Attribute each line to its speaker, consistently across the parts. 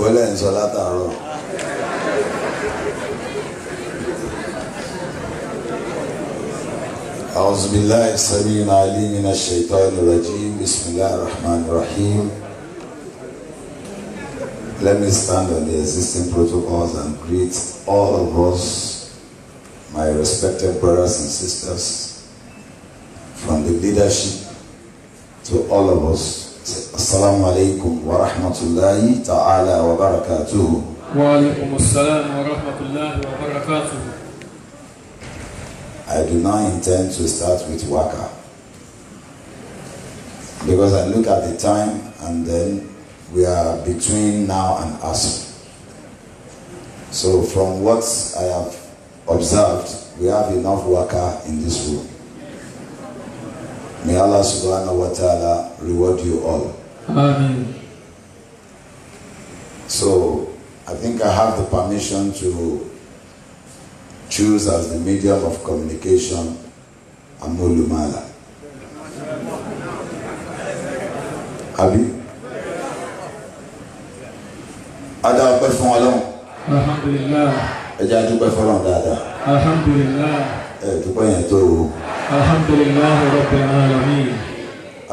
Speaker 1: huele en sola ¿no?
Speaker 2: أعوذ بالله
Speaker 1: السميع العليم من الشيطان الرجيم بسم الله الرحمن الرحيم Let me stand on the existing protocols and greet all of us, my respected brothers and sisters, from the leadership to all of us. Assalamu alaikum wa rahmatullahi ta'ala wa barakatuhu.
Speaker 2: Wa alaikum assalam wa rahmatullahi wa barakatuhu.
Speaker 1: I do not intend to start with Waka. Because I look at the time and then we are between now and us. So from what I have observed, we have enough Waka in this room. May Allah subhanahu wa ta'ala reward you all.
Speaker 2: Amen.
Speaker 1: So I think I have the permission to choose as the medium of communication Amolumala. Abi? Ada ọpẹ́ fún Ọlọ́run. Alhamdulillah. Ẹ jẹ́ adúpẹ́ fọlọ́run dáadáa.
Speaker 2: Alhamdulillah.
Speaker 1: Ẹ dúpẹ́ yẹn tó o. Alhamdulillah Rabbil alamin.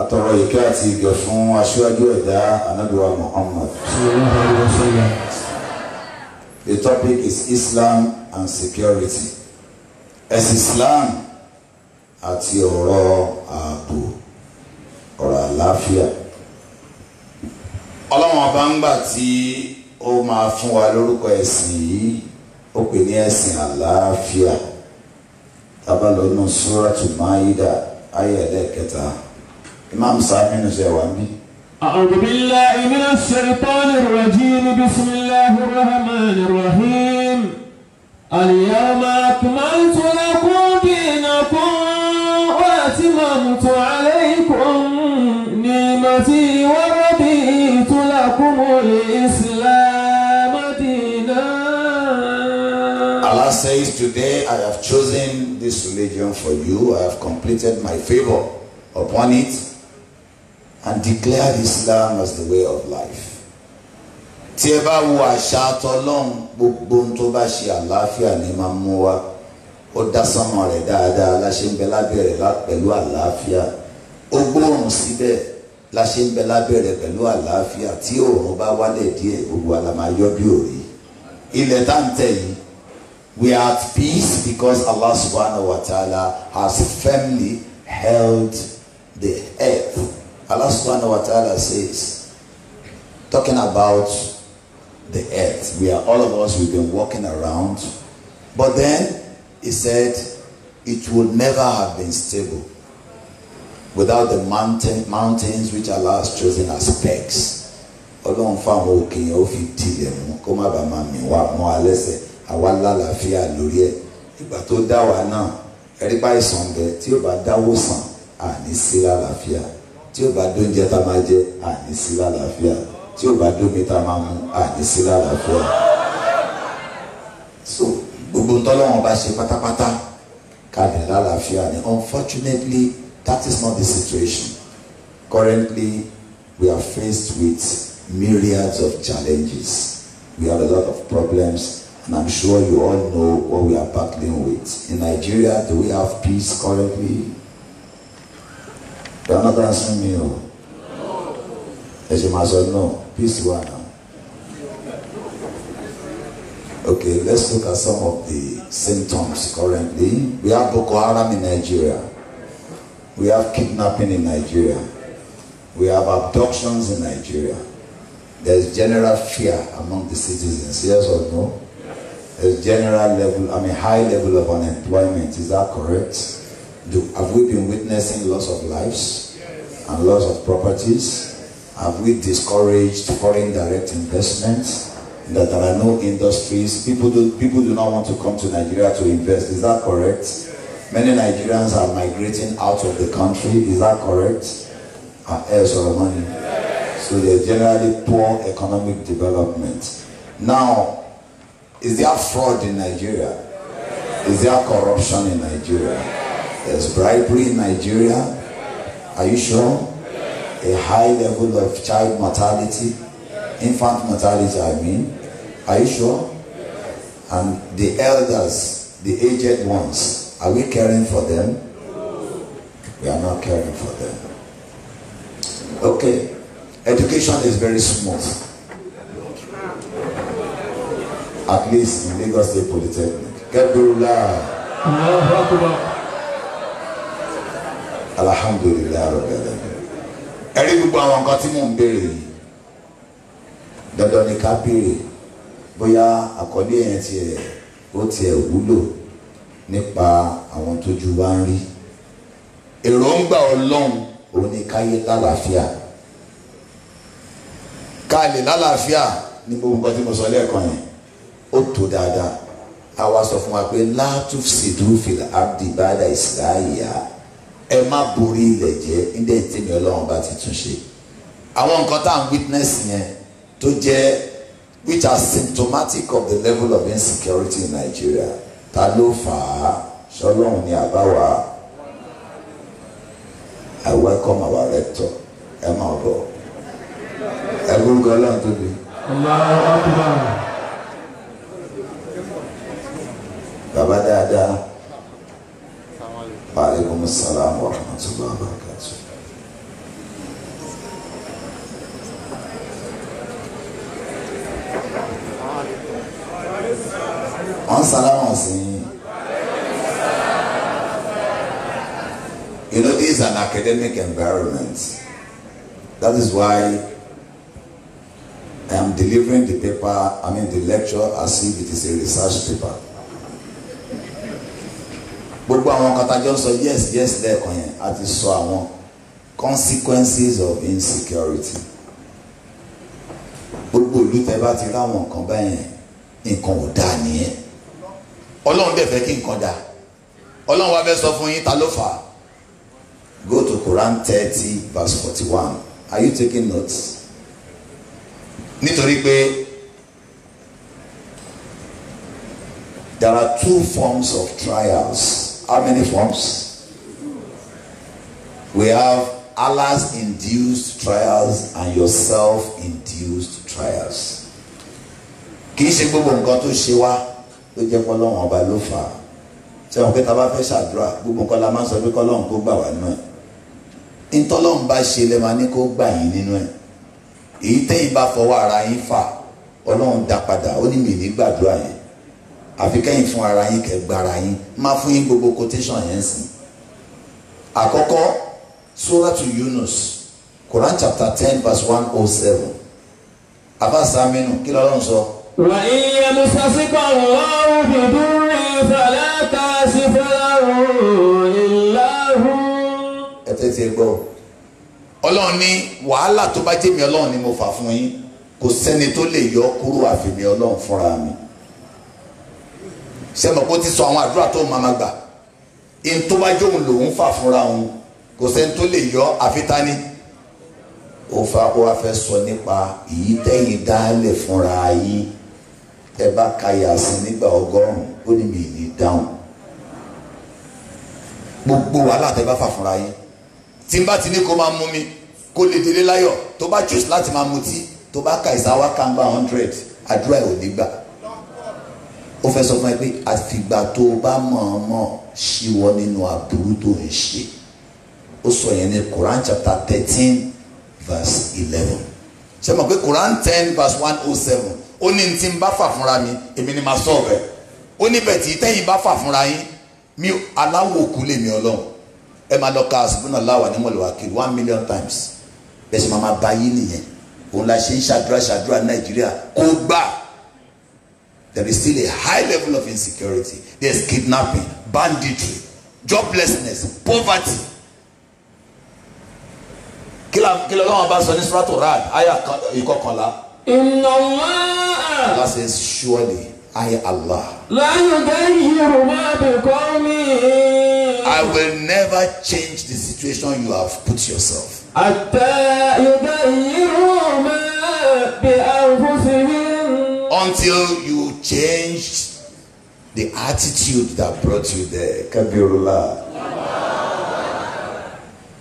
Speaker 1: Atọ̀rọ̀ ìkẹ́ àti ìgẹ̀ fún aṣíwájú ẹ̀dá Anábíwá Muhammad. Sallallahu alaihi wasallam. The topic is Islam and security. Ẹ̀sìn Islam àti ọ̀rọ̀ ààbò ọ̀rọ̀ àlàáfíà. Ọlọ́run ọba ń gbà tí ó máa fún wa lórúkọ ẹ̀sìn yìí ó pè ní ẹ̀sìn àlàáfíà. Tábà nù Súràtù Máyídà ayé ẹ̀dẹ́kẹta. Imam Saminu ṣe wà
Speaker 2: ń أعوذ بالله من الشيطان الرجيم بسم الله الرحمن الرحيم اليوم أكملت لكم دينكم وأتممت عليكم نعمتي ورضيت لكم الإسلام دينا Allah
Speaker 1: says today I have chosen this religion for you I have completed my favor upon it and declare Islam as the way of life. tí ẹ bá wo àṣà àtọ́lọ́hún gbogbo ohun tó bá ṣe àlàáfíà ní máa mú wa ó dá sánmọ̀ rẹ̀ dáadáa láṣẹ ń bẹ lábẹ́ rẹ̀ pẹ̀lú àlàáfíà ó gbóòrùn síbẹ̀ láṣẹ ń bẹ lábẹ́ rẹ̀ pẹ̀lú àlàáfíà tí òòrùn bá wálẹ̀ díẹ̀ gbogbo àlàmáyọ́ bí òrì ilẹ̀ tá yìí we are at peace because Allah subhanahu wa ta'ala has firmly held the earth. Allah subhanahu wa ta'ala says, talking about the earth, we are all of us, we've been walking around, but then he said, it would never have been stable without the mountain, mountains which Allah has chosen as pegs. ọlọ́run fáwọn òkè yẹn ó fi tilẹ̀ mú kó má bàa máa mì wá mọ́ alẹ́sẹ̀ àwa lálàáfíà lórí ẹ̀ ìgbà tó dá wa náà ẹ̀rí bá ìsàn bẹ tí ó bá dáwó sàn àní sí lálàáfíà. tí ó bá dóúnjẹ tá a máa jẹ àní sí lálàáfíà tí ó bá dómi tá a máa mú àní sí lálàáfíà. so gbogbo ntọ́lọ́wọ́n bá ṣe pátápátá kàdé lálàáfíà ni unfortunately that is not the situation currently we are faced with myriads of challenges we have a lot of problems and I'm sure you all know what we are battling with in Nigeria do we have peace currently Ranadasmio. As you must know, peace one. Okay, let's look at some of the symptoms currently. We have Boko Haram in Nigeria. We have kidnapping in Nigeria. We have abductions in Nigeria. There's general fear among the citizens, yes or no? There's general level, I mean high level of unemployment, is that correct? Do, have we been witnessing loss of lives and loss of properties? Have we discouraged foreign direct investments? That there are no industries. People do, people do not want to come to Nigeria to invest. Is that correct? Many Nigerians are migrating out of the country. Is that correct? Uh, ah, heirs eh, of money. So there's generally poor economic development. Now, is there fraud in Nigeria? Is there corruption in Nigeria? There's bribery in Nigeria. Are you sure? A high level of child mortality, infant mortality, I mean. Are you sure? And the elders, the aged ones, are we caring for them? We are not caring for them. Okay. Education is very smooth. At least in Lagos State Polytechnic. Kebula. alhamdulilayi arọ̀gẹ̀dẹ̀ ẹ̀rí gbogbo àwọn nǹkan tí mò ń béèrè yìí dandan ni ká béèrè bóyá àkọlé yẹn tiẹ̀ ó tiẹ̀ wúlò nípa àwọn tójú wa ń rí èròǹgbà ọlọ́run òun ni káyé lálàáfíà ká lè lálàáfíà ní gbogbo nǹkan tí mo sọ lẹ́ẹ̀kan yẹn ó tó dáadáa àwa sọ fún wa pé látúfsìdúfìlà abdibada ìsìláyà ẹ má borí ilẹ̀ jẹ́ ndé tèmi ọlọ́run bá ti tún ṣe àwọn nǹkan tá à ń witness yẹn tó jẹ́ which are symptomatic of the level of insecurity in Nigeria ta ló fà á ṣọlọ́run ni àbáwá I welcome our rector ẹ máa bọ̀
Speaker 2: ẹ gbórúkọ ọlọ́run tóbi.
Speaker 1: Bàbá dáadáa. وعليكم السلام ورحمة الله وبركاته wọ́n sálámà sí you know this is an academic environment that is why I am delivering the paper I mean the lecture as if it is a research paper gbogbo àwọn kan tájọ ń sọ yes yes lẹ́ẹ̀kan yẹn a ti sọ àwọn consequences of insecurity gbogbo ìlú tẹ bá ti ráwọn nǹkan báyẹn nǹkan ò dáa nìyẹn ọlọ́run dẹ̀ fẹ́ kí nǹkan dáa ọlọ́run wa fẹ́ sọ fún yín ta ló fà á go to Quran thirty verse forty one are you taking notes nítorí pé there are two forms of trials how many forms? We have Allah's induced trials and yourself induced trials. Kì í ṣe gbogbo nǹkan tó ṣe wá ló jẹ́ kọ́ lọ́wọ́n ọba ló fà á. Ṣé wọn pé ta bá fẹ́ ṣàdúrà gbogbo nǹkan la máa ń sọ pé kọ́ lọ́wọ́n kó gbà wá nínú ẹ̀. Ntọ́lọ́run bá ṣe lẹ́ máa ní kó gbà yín nínú ẹ̀. Èyí tẹ́yìn bá fọwọ́ ara yín fà Ọlọ́run dá padà ó ní mi ní gbàdúrà yẹn àfi kẹ́yìn fún ara yín kẹ́ gbára yín máa fún yín gbogbo quotation yẹn sìn àkọ́kọ́ suratu Yunus Quran chapter ten verse one oh seven abasa aminu kí lọ́lọ́run sọ. wà á
Speaker 2: yẹ musasika wọ́n fi dúró ìfàlẹ́ ká sí fẹ́lẹ́rù ìlàhù.
Speaker 1: ẹ tètè gbọ́ ọlọ́run ní wàhálà tó bá jẹ́ mi ọlọ́run ni mo fà fún yín kò sẹ́ni tó lè yọ kúrò àfi ọlọ́run fúnra mi sẹ́mọ̀ kó ti sọ àwọn àdúrà tó máa máa gbà in tó bá jóun lòun fà fúnra òun kò sẹ́ni tó lè yọ àfitání ó fa kó wá fẹ́ sọ nípa èyí tẹ́yìn dálẹ̀ fúnra yìí ẹ bá ka yàsí nígbà ọgọ́rùn-ún ó ní mi ní dáhùn gbogbo wàhálà tẹ bá fà fúnra yìí tí n bá ti ní kó máa mú mi kó lè délé láyọ̀ tó bá choose láti máa mutí tó bá ka ìsáwá kàǹgbà hundred àdúrà ẹ̀ ò ní gbà ó fẹ́ sọ fún ẹ pé àfìgbà tó o bá mọ̀ọ́mọ̀ ṣíwọ́ nínú aburú tó ń ṣe ó sọ yẹn ní Quran chapter thirteen verse eleven ṣe mọ̀ pé Quran ten verse one oh seven ó ní tí n bá fà fúnra mi èmi ni màá sọ ọ̀bẹ ó ní bẹ̀ tí tẹ́yìn bá fà fúnra yín mi aláwọ̀ òkú lèmi ọlọ́run ẹ máa lọ ka àsìkúnà láwà ní mọ̀lẹ́wàkiri one million times bẹ́ẹ̀ sì máa máa bá yín nìyẹn òun la ṣe ń ṣàdúrà ṣàdúrà Nàìjíríà kó gbà there is still a high level of insecurity. There is kidnapping, banditry, joblessness, poverty. Kila kila lọ́wọ́ bá sọ ní Suratul Ra'd, àyà ìkọkànlá.
Speaker 2: Inna Allah.
Speaker 1: Allah says surely I Allah.
Speaker 2: La yugayyiru ma biqawmin. I
Speaker 1: will never change the situation you have put yourself.
Speaker 2: Hatta yugayyiru ma bi anfusihim.
Speaker 1: Until you changed the attitude that brought you there. Kabirullah.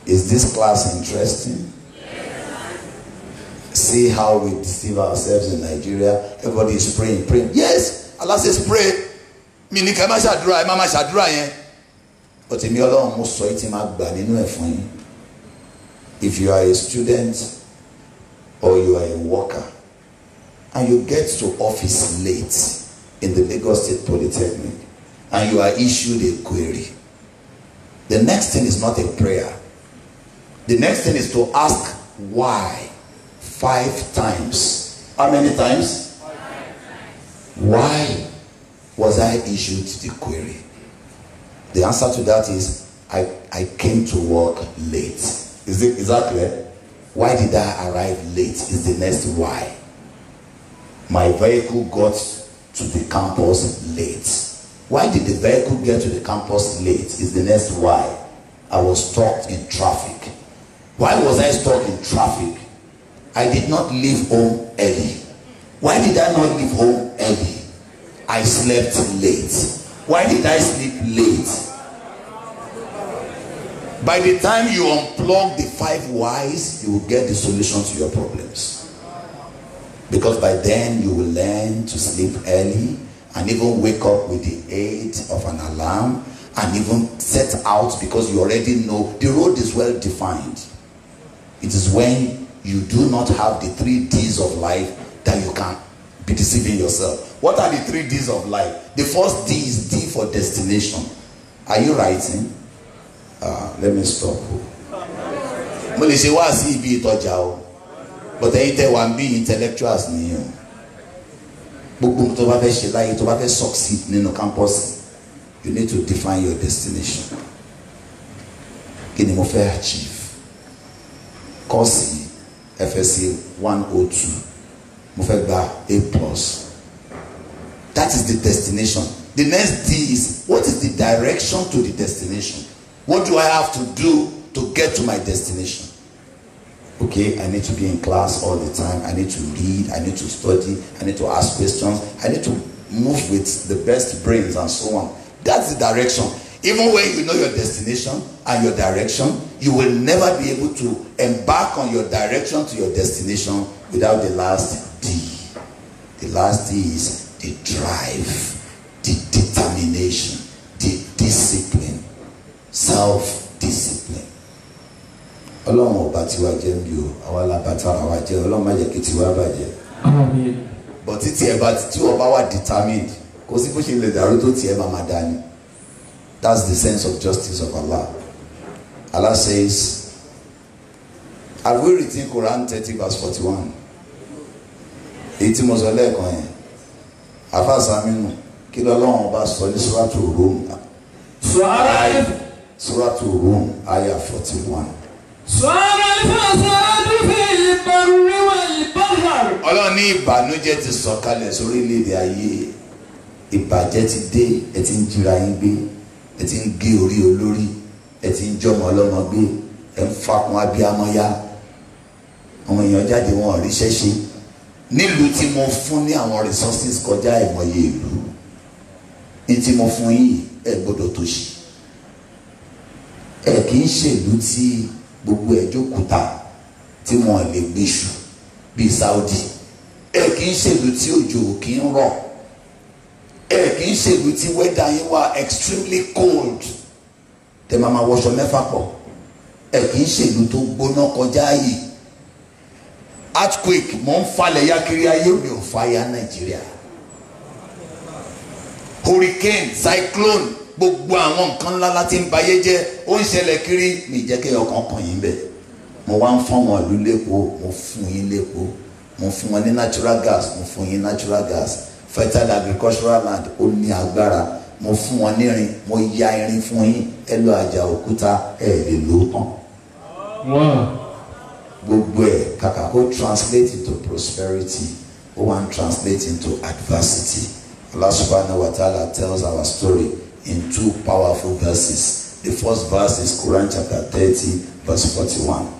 Speaker 1: Is this class interesting? See how we deceive ourselves in Nigeria. Everybody is praying, praying. Yes, Allah says pray. Mi ni ká má ṣàdúrà ẹ But èmi Ọlọ́run mo sọ èyí tí máa If you are a student or you are a worker. and you get to office late in the Lagos State Polytechnic and you are issued a query, the next thing is not a prayer. The next thing is to ask why five times. How many times? Why was I issued the query? The answer to that is I, I came to work late. Is, it, is that clear? Why did I arrive late? Is the next why my vehicle got to the campus late. Why did the vehicle get to the campus late is the next why. I was stuck in traffic. Why was I stuck in traffic? I did not leave home early. Why did I not leave home early? I slept late. Why did I sleep late? By the time you unplug the five whys, you will get the solution to your problems. Because by then you will learn to sleep early and even wake up with the aid of an alarm and even set out because you already know the road is well defined. It is when you do not have the three D's of life that you can be deceiving yourself. What are the three D's of life? The first D is D for destination. Are you writing? Uh, let me stop. Mo but ẹ̀yin tẹ́ wà ń bí intellectuals nìyẹn o gbogbo tó bá fẹ́ ṣe láyé tó bá fẹ́ succeed nínú campus you need to define your destination kí ni mo fẹ́ achieve kọ́ọ̀sì FSC one oh two mo fẹ́ gba A plus that is the destination the next D is what is the direction to the destination what do I have to do to get to my destination okay, I need to be in class all the time, I need to read, I need to study, I need to ask questions, I need to move with the best brains and so on. That's the direction. Even when you know your destination and your direction, you will never be able to embark on your direction to your destination without the last D. The last D is the drive, the determination, the discipline, self ọlọ́run ọba tiwa jẹ́ ń bí o àwa la bá tara wa jẹ́ ọlọ́run má jẹ́ kí tiwa bàjẹ́. bọ̀ títí ẹ̀ bá tí wọ́n wà determined kò sí bó ṣe lè dàrú tó tiẹ̀ máa máa dání that's the sense of justice of Allah Allah says have we written Quran thirty verse forty-one èyí tí mo sọ lẹ́ẹ̀kan yẹn afa saminu kí lọ́lọ́run ọba sọ ní suratu Rum. suratu Rum aya forty-one ọlọ́run ní ìbànújẹ́ ti sọ̀kalẹ̀ sórílẹ̀-èdè ayé ìbàjẹ́ ti dé ẹ ti ń jìra yín gbé ẹ ti ń gé orí olórí ẹ ti ń jọmọ ọlọ́mọ gbé ẹ ń fakun abiyamọ ya àwọn èèyàn jáde wọn ríṣẹ́ ṣe nílùú tí mo fún ní àwọn resources kọjá ìmọ̀ye ìlú ní tí mo fún yìí ẹ gbọ́dọ̀ tó ṣe ẹ kì í ṣèlú tí gbogbo ẹ̀ kuta tí wọ́n lè gbéṣù bíi Saudi ẹ̀ kì í ṣèlú tí òjò kì í rọ̀ ẹ̀ kì í ṣèlú tí wẹ́dà yín wà extremely cold tẹ̀ máa ma wọṣọ mẹ́fà pọ̀ ẹ̀ kì í ṣèlú tó gbóná kọjá yìí earthquake mọ̀ ń falẹ̀ ya kiri ayé mi ò fa ya Nàìjíríà hurricane cyclone gbogbo àwọn nǹkan ńlá láti ń bayé jẹ́ ó ń ṣẹlẹ̀ kiri ní ìjẹ́ kí ọkàn kàn yín bẹ̀ mo wá ń fọ́n wọn ìlú lépo mo fún yín lépo mo fún wọn ní natural gas mo fún yín natural gas fertile agricultural land ó ní agbára mo fún wọn ní irin mo ya irin fún yín ẹ lọ àjà òkúta ẹ lè lò ó tán. gbogbo ẹ kàkà kó translate into prosperity ó wá ń translate into adversity. Allah subhanahu wa ta'ala tells our story in two powerful verses. The first verse is Quran chapter 30, verse 41.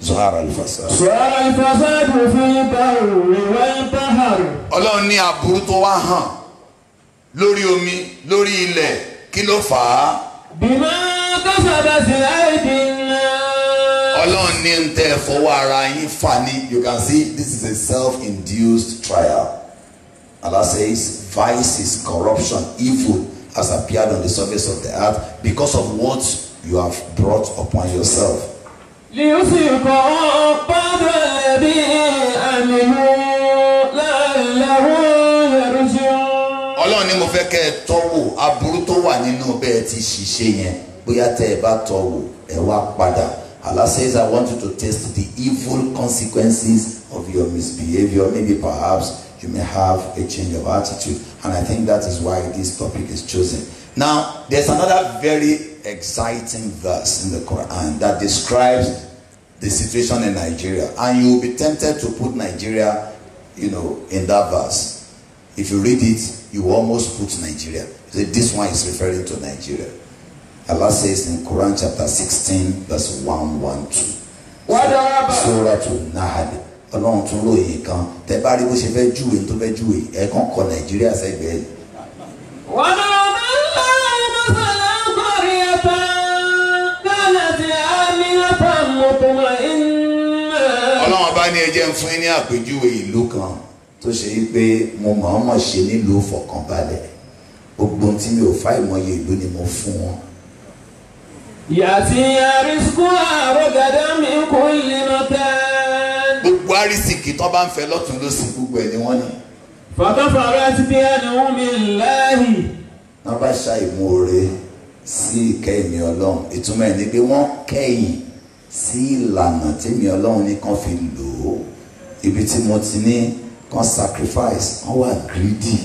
Speaker 1: Zuhara al-Fasad. Zuhara
Speaker 2: al-Fasad fi bàrù ìwé bàhàrù. Ọlọ́run ní
Speaker 1: aburú tó wá hàn lórí omi lórí ilẹ̀ kí ló fà á? Bímọ
Speaker 2: kásábà sí láìdí náà.
Speaker 1: Ọlọ́run ní ń tẹ fọwọ́ ara yín fà ní. You can see this is a self-induced trial. Allah says vice is corruption, evil has appeared on the surface of the earth because of what you have brought upon yourself.
Speaker 2: ليصيب بعض الذي عملوا لعلهم يرجعون.
Speaker 1: Ọlọ́run ni mo fẹ́ kẹ́ ẹ tọ́wò aburú tó wà nínú bẹ́ẹ̀ ti ṣiṣẹ́ yẹn bóyá tẹ́ ẹ bá tọ́wò ẹ wá padà. Allah says, I want you to taste the evil consequences of your misbehavior, maybe perhaps you may have a change of attitude. And I think that is why this topic is chosen. Now, there's another very exciting verse in the Quran that describes the situation in Nigeria. And you will be tempted to put Nigeria, you know, in that verse. If you read it, you almost put Nigeria. This one is referring to Nigeria. Allah says in Quran chapter 16, verse 112.
Speaker 2: Surah
Speaker 1: to Nahal. ọlọ́run tún ròyìn kan tẹ́ bá rí bó ṣe fẹ́ júwe tó fẹ́ júwe ẹ̀ kàn kọ nàìjíríà sẹ́gbẹ̀ẹ́ ni.
Speaker 2: wọ́n náà. ọlọ́run
Speaker 1: bá ní ẹjẹ́ ń fún ní àpèjúwe ìlú kan tó ṣe wípé mo mọ̀ọ́mọ̀ ṣe nílùú fọkànbalẹ̀ gbogbo tí mi ò fá ìmọye ìlú ni mo fún wọn. yàtí arísíkú àrògàdá mi kò lè nọ tẹ́ gbogbo àrísìkì tó bá ń fẹ́ lọ́tún lọ́sì gbogbo ẹ̀ ni wọ́n ní. fàtọ́fà
Speaker 2: rẹ ti bí ẹnu mi láàyè.
Speaker 1: wọ́n bá ṣa ìmoore sí ìkẹ́yìn ọlọ́run ìtumọ̀ ẹ̀ ni pé wọ́n kẹ́yìn sí ìlànà tèmi ọlọ́run ní kàn fi lò ó ibi tí mo ti ní kàn sacrifice wọ́n wà greedy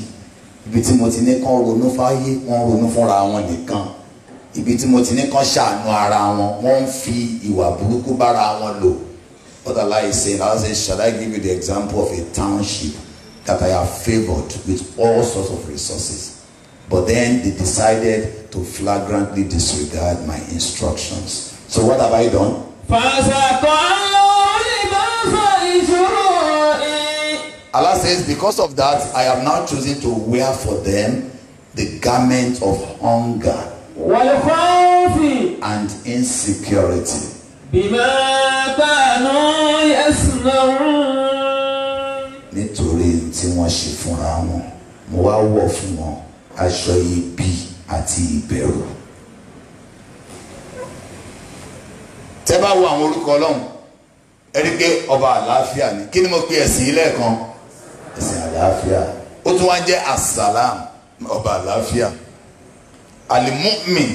Speaker 1: ibi tí mo ti ní kàn ronú fáyé wọ́n ronú fúnra wọn nìkan ibi tí mo ti ní kàn ṣàánú ara wọn wọ́n ń fi ìwà burúkú bára wọn lò What Allah is saying, Allah says, Shall I give you the example of a township that I have favored with all sorts of resources? But then they decided to flagrantly disregard my instructions. So what have I done? Allah says, Because of that, I have now chosen to wear for them the garment of hunger and insecurity.
Speaker 2: bima kanu yasna'un.
Speaker 1: nítorí tí wọ́n ṣe fúnra wọn mo wá wọ̀ fún wọn aṣọ ibi àti ìbẹ̀rù. tẹ́ bá wo àwọn orúkọ ọlọ́run pé ọba àlàáfíà ni kí ni mo pe ẹ̀sìn ilé kan ẹ̀sìn àlàáfíà ó tún wá jẹ́ asàlám ọba àlàáfíà alimumin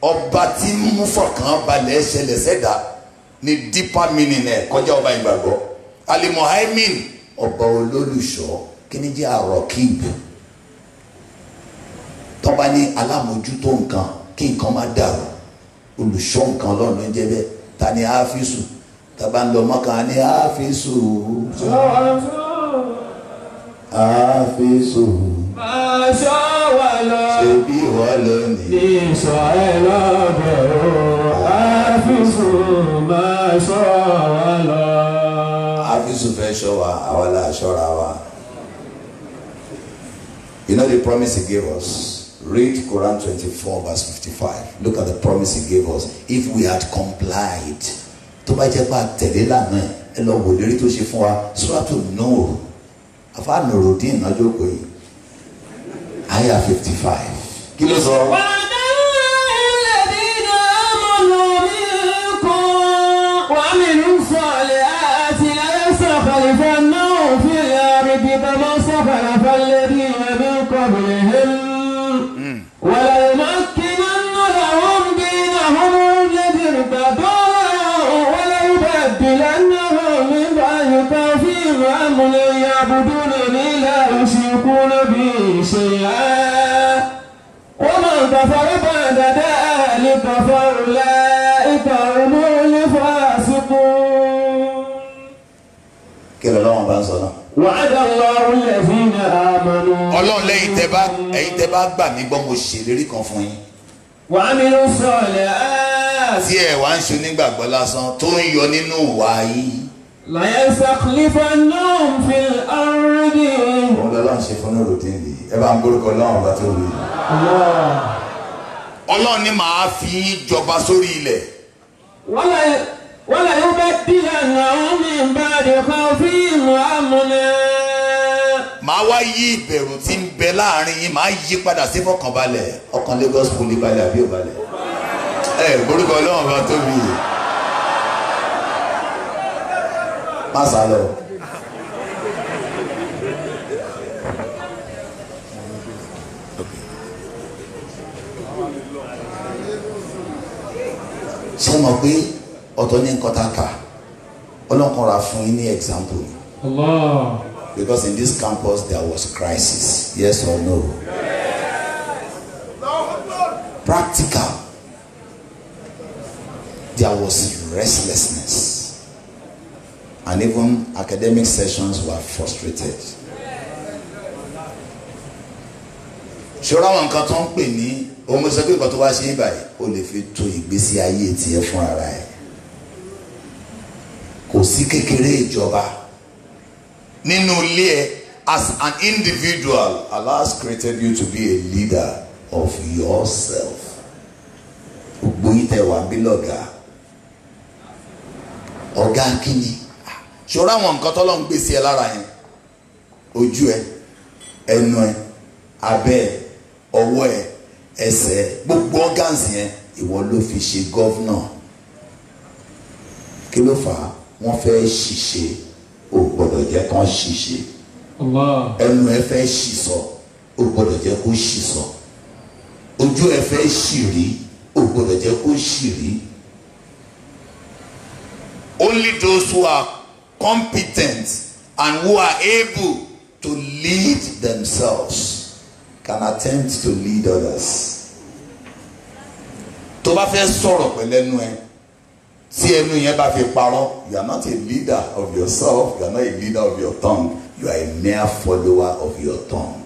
Speaker 1: ọba tí ń mú fọkàn balẹ̀ ṣẹlẹ̀ sẹ́dá ni deeper meaning ẹ̀ kọjá ọba ìgbàgbọ́ alimohaimin ọba olólùṣọ́ kíní jẹ́ àròkìbù tọ́ba ní alámòjútó nǹkan kí nǹkan má dàrú olùṣọ́ nǹkan lọ́nà ń jẹ́ bẹ́ẹ̀ ta ni áfíìsù tàbá ń lọ mọ́kàn á ní àfẹ́sọ.
Speaker 2: máa ṣọ́ wa lọ. ṣebí wà lónìí. ìṣọ̀ ẹ lọ́bẹ̀ o àfẹ́sọ máa ṣọ́ wa
Speaker 1: lọ. àfẹ́sọ fẹ́ ṣọ́ wa àwa la ṣọ́ra wa. You know the promise he gave us. Read Quran 24, verse 55. Look at the promise he gave us. If we had complied, tó bá jẹ́ pé a tẹ̀lé lànà ẹ lọ wò lérí tó ṣe fún wa, Suratu Nur afa nurudin náà jókòó yìí aya fifty five kí ló sọ. وَعَدَ
Speaker 2: اللَّهُ الَّذِينَ آمَنُوا مِنكُمْ وَعَمِلُوا bá ń sọ náà. wàhálà ọlọ́run lẹ́sìn ní
Speaker 1: àmàlú. ọlọ́run lẹ́yìn tẹ́ bá ẹ̀yin tẹ́ bá gbà mí gbọ́ mo ṣèlérí kan fún yín. wà á mi ló sọ̀lẹ̀ á. tí ẹ wá ń ṣe onígbàgbọ́ lásán tó ń yọ nínú ìwà yìí.
Speaker 2: làyẹ̀ sàkúlífà náà fi ọ̀rẹ́dì. òun lọ́lọ́run
Speaker 1: ṣe fún olùdí yìí ẹ bá ń gbórúkọ ọlọ́run bá tó rí i. ọlọ́run ni màá fi jọba sórí ilẹ̀.
Speaker 2: wọ́n lọ wala yubaddilanahum min ba'di khawfihim amna. màá wá yí
Speaker 1: ìbẹ̀rù tí ń bẹ láàrin yín màá yí padà sí fọkànbalẹ̀ ọkàn Lagos kò lè balẹ̀ àbí ò ẹ gbórúkọ Ọlọ́run bá tóbi má sá lọ. ṣé mo pé ọ̀tọ̀ ní nǹkan tá a kà ọlọ́nkàn ra fún yín ní example.
Speaker 2: Allah.
Speaker 1: because in this campus there was crisis yes or no. practical there was restlessness and even academic sessions were frustrated. ṣòro àwọn nǹkan tó ń pè ní ohun mo pé ìgbà tó wá ṣe é báyìí o lè fi to ìgbésí ayé tiẹ̀ fúnra rẹ̀ kò sí kékeré ìjọba nínú ilé ẹ as an individual Allah has created you to be a leader of yourself gbogbo yìí tẹ wà bí lọ́gàá ọ̀gá kínní ṣòro àwọn nǹkan tọ́lọ́ ń gbèsè ẹ lára yẹn ojú ẹ ẹnu ẹ abẹ́ ẹ ọwọ́ ẹ ẹsẹ̀ ẹ gbogbo organs yẹn ìwọ ló fi ṣe gọ́vnà kí ló fà á wọ́n fẹ́ ṣìṣe ò gbọ́dọ̀ jẹ́ kán ṣìṣe ẹnu ẹ fẹ́ ṣì sọ ò gbọ́dọ̀ kó ṣì ojú ẹ fẹ́ ṣì rí ò gbọ́dọ̀ kó ṣì Only those who are competent and who are able to lead themselves can attempt to lead others. tó bá fẹ́ sọ̀rọ̀ pẹ̀lẹ́nu ẹ tí ẹnu yẹn bá fi parọ́ you are not a leader of yourself you are not a leader of your tongue you are a mere follower of your tongue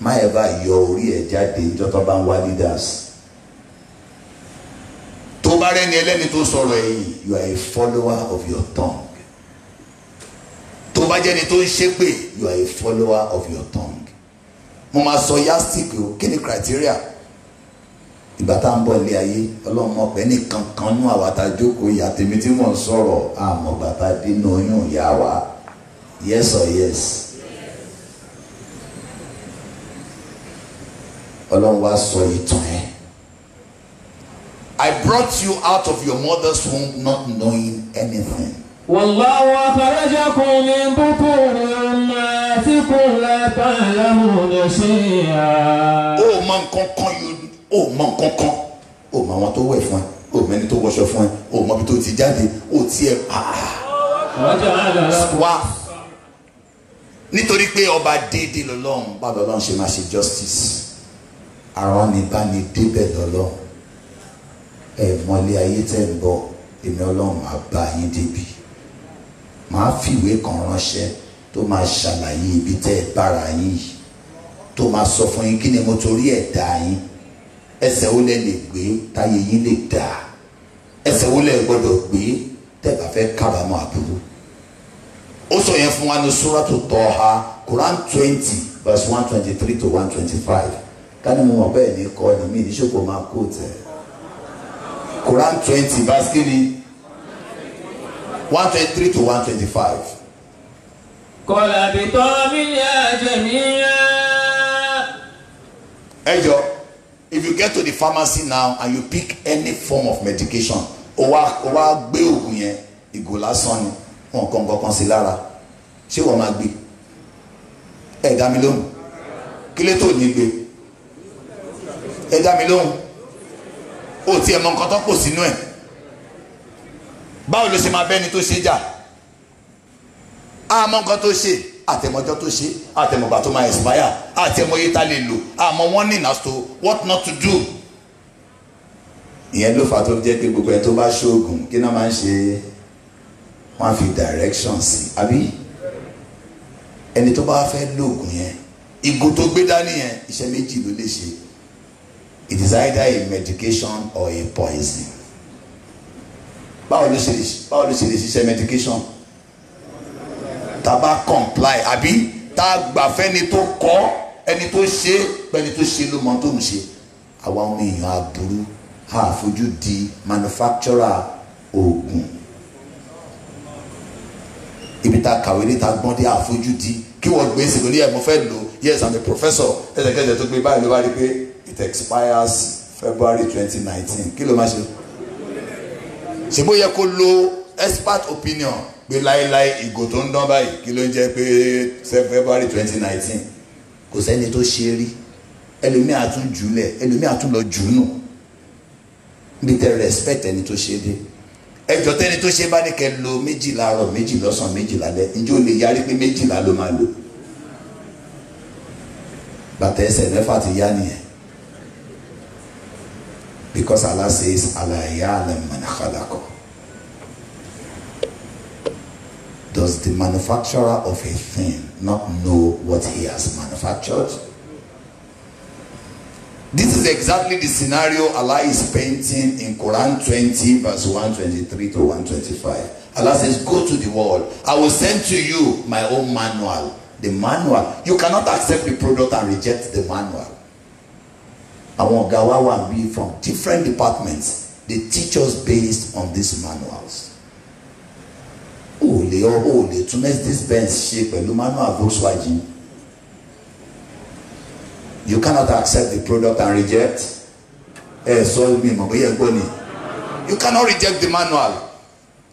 Speaker 1: má ẹ bá yọ orí ẹ jáde níjọ́ tó bá ń wá leaders tó bá rẹ́ni ẹlẹ́ni tó sọ̀rọ̀ ẹ̀yìn you are a follower of your tongue tó bá jẹ́ni tó ń ṣépè you are a follower of your tongue mo máa sọ yastik o kí ni criteria ìgbà tá à ń bọ̀ ilé ayé ọlọ́run mọ̀ nìkan kan nú àwa jókòó ìyá tèmi tí mò ń sọ̀rọ̀ àmọ́ ìgbà oyún ìyá wa yes or yes. ọlọ́run wá sọ ìtàn ẹ̀. I brought you out of your mother's womb not knowing anything.
Speaker 2: والله أخرجكم من بطون أمهاتكم لا تعلمون شيئا. ó mọ nǹkan kan yóò o mọ nǹkan kan
Speaker 1: o mọ àwọn tó wẹ̀ fún ẹ o mọ ẹni tó wọṣọ fún ẹ o mọ ibi tó ti jáde o tiẹ̀ wá nítorí pé ọba déédéé lọ́lọ́run bàbá ọlọ́run ṣe máa ṣe justice àwọn ni bá ní débẹ̀ lọ́lọ́run ẹ mọlé ayé tẹ̀ ń bọ̀ èmi ọlọ́run máa bá yín débi màá fìwé kan ránṣẹ́ tó máa ṣàlàyé ibi tẹ́ ẹ bára yín yìí tó máa sọ fún yín kí ni mo torí ẹ̀ dá yín ẹsẹ̀ wo lẹ lè gbé táyé yín lè dà ẹsẹ̀ wo lẹ gbọ́dọ̀ gbé tẹ́gbà fẹ́ kábàámọ̀ àbúrú ó sọ yẹn fún wa ní suratu Taha Quran twenty verse one twenty three to one twenty five kánú mo mọ̀ bẹ́ẹ̀ ní kọ́ ẹ̀nà mi ìdíṣòkò máa kó tẹ̀ Quran twenty verse kiri one twenty three to one twenty five. kọ́lá bí tọ́ mi ní àjẹmíyá. ẹ jọ if you get to the pharmacy now and you pick any form of medication o wa o wa gbé oògùn yẹn ìgò lásán ni wọn kàn kankan sí lára ṣé wọn máa gbé ẹ dá mi lóhùn kí lè tó ní gbé ẹ dá mi lóhùn o tiẹ̀ mọ nǹkan tó kò sínú ẹ̀ báwo ló ṣe máa bẹ́ni tó ṣe jà á mọ nǹkan tó ṣe àtẹmọjọ tó ṣe àtẹmọgbà tó máa expire àtẹmọye tá lè lò àmọ́ warning as to what not to do. ìyẹn ló fà tó jẹ́ pé gbogbo ẹ̀ tó bá ṣoògùn kí náà máa ń ṣe wọ́n á fi direction sí àbí ẹni tó bá fẹ́ lóògùn yẹn ìgò tó gbé dání yẹn iṣẹ́ méjì ló lè ṣe it is either a medication or a poison báwo ló ṣe lè ṣiṣẹ́ medication tá a comply àbí tá a gbà fẹ́ni tó kọ́ ẹni tó ṣe pẹ́ni tó ṣe ló mọ tó ń ṣe àwa ọmọ èèyàn aburú àfojú di manufacturer oògùn ibi tá a kàwé níta gbọ́n dé àfojú di kí wọ́n gbé sí ẹ̀ mo fẹ́ lò yes i'm a professor ẹ̀ẹ́dẹ̀kẹ́dẹ̀ tó gbé báyìí ló bá rí pé it expires february twenty nineteen kí ló máa ṣe ṣe bó yẹ kó lo expert opinion pé láéláé ìgò tó ń dán báyìí kí ló ń jẹ́ pé February twenty nineteen kò sẹ́ni tó ṣe rí ẹlòmíì àtún jùlẹ̀ ẹlòmíì àtún lọ jù nù bí tẹ respect ẹni tó ṣe dé ẹjọ́ tẹni tó ṣe bá ní kẹ́ lo méjì láàárọ̀ méjì lọ́sàn méjì lálẹ́ ǹjẹ́ o lè yarí pé méjìlá ló máa lò bàtà ẹsẹ̀ mẹ́fà ti yá nìyẹn because Allah says Allah ya'lamu man khalaqa. Does the manufacturer of a thing not know what he has manufactured? This is exactly the scenario Allah is painting in Quran 20 verse 123 to 125. Allah says, go to the world. I will send to you my own manual. The manual. You cannot accept the product and reject the manual. I want gawawa wà bí from different departments. They teach us based on these manuals. èèyàn ò lè tún Mercedes Benz ṣe pẹ̀lú manual you cannot accept the product and reject sọ you cannot reject the manual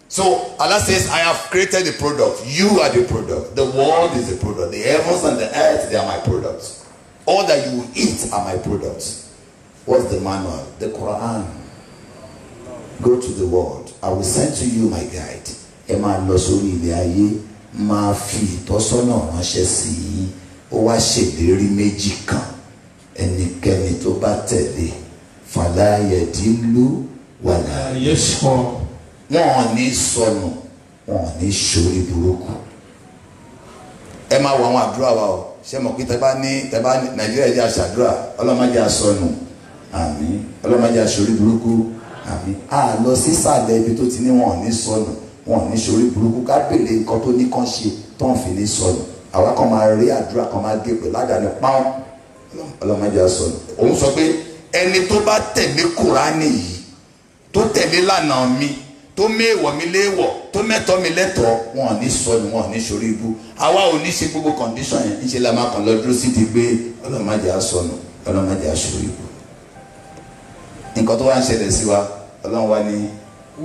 Speaker 1: so Allah says I have created the product you are the product the world is the product the heavens and the earth they are my products all that you eat are my products what's the manual the Quran go to the world I will send to you my guide ẹ máa lọ sórí ilẹ̀ ayé máa fi ìtọ́sọ́nà ránṣẹ́ sí i ó wá ṣèlérí méjì kan ẹnikẹ́ni tó bá tẹ̀lé fàlàyẹ̀dínlú wàlà yẹsọ wọn ò ní sọnù wọn ò ní sórí burúkú ẹ máa wọ àwọn àdúrà wa o ṣé mọ̀ pé tẹ bá ní tẹ ní nàìjíríà jẹ́ àṣàdúrà ọlọ́mọdé àsọnù àmín ọlọ́mọdé àṣorí burúkú àmín a sísàlẹ̀ ibi tó ti ní wọn ò ní sọnù wọn ní sori burúkú ká béèrè nǹkan tó ní kán ṣe tó ń fi ní sọnù àwa kan máa rí àdúrà kan máa gé pẹ̀lú àdáni pọ́n ọlọ́mọdé sọnù òun sọ pé ẹni tó bá tẹ̀lé kùránì yìí tó tẹ̀lé lànà mi tó méèwọ̀ mi léèwọ̀ tó mẹ́tọ́ mi lẹ́tọ̀ọ́ wọn ní sọnù wọn ní sori ibú àwa ò ní ṣe gbogbo kọ̀ǹdíṣọ̀n yẹn níṣẹ́ la máa kàn lọ dúró sí ti gbé ọlọ́mọdé sọnù ọlọ́mọdé sori ibú nǹkan tó wá ń ṣẹlẹ̀ sí wa ọlọ́run wá ní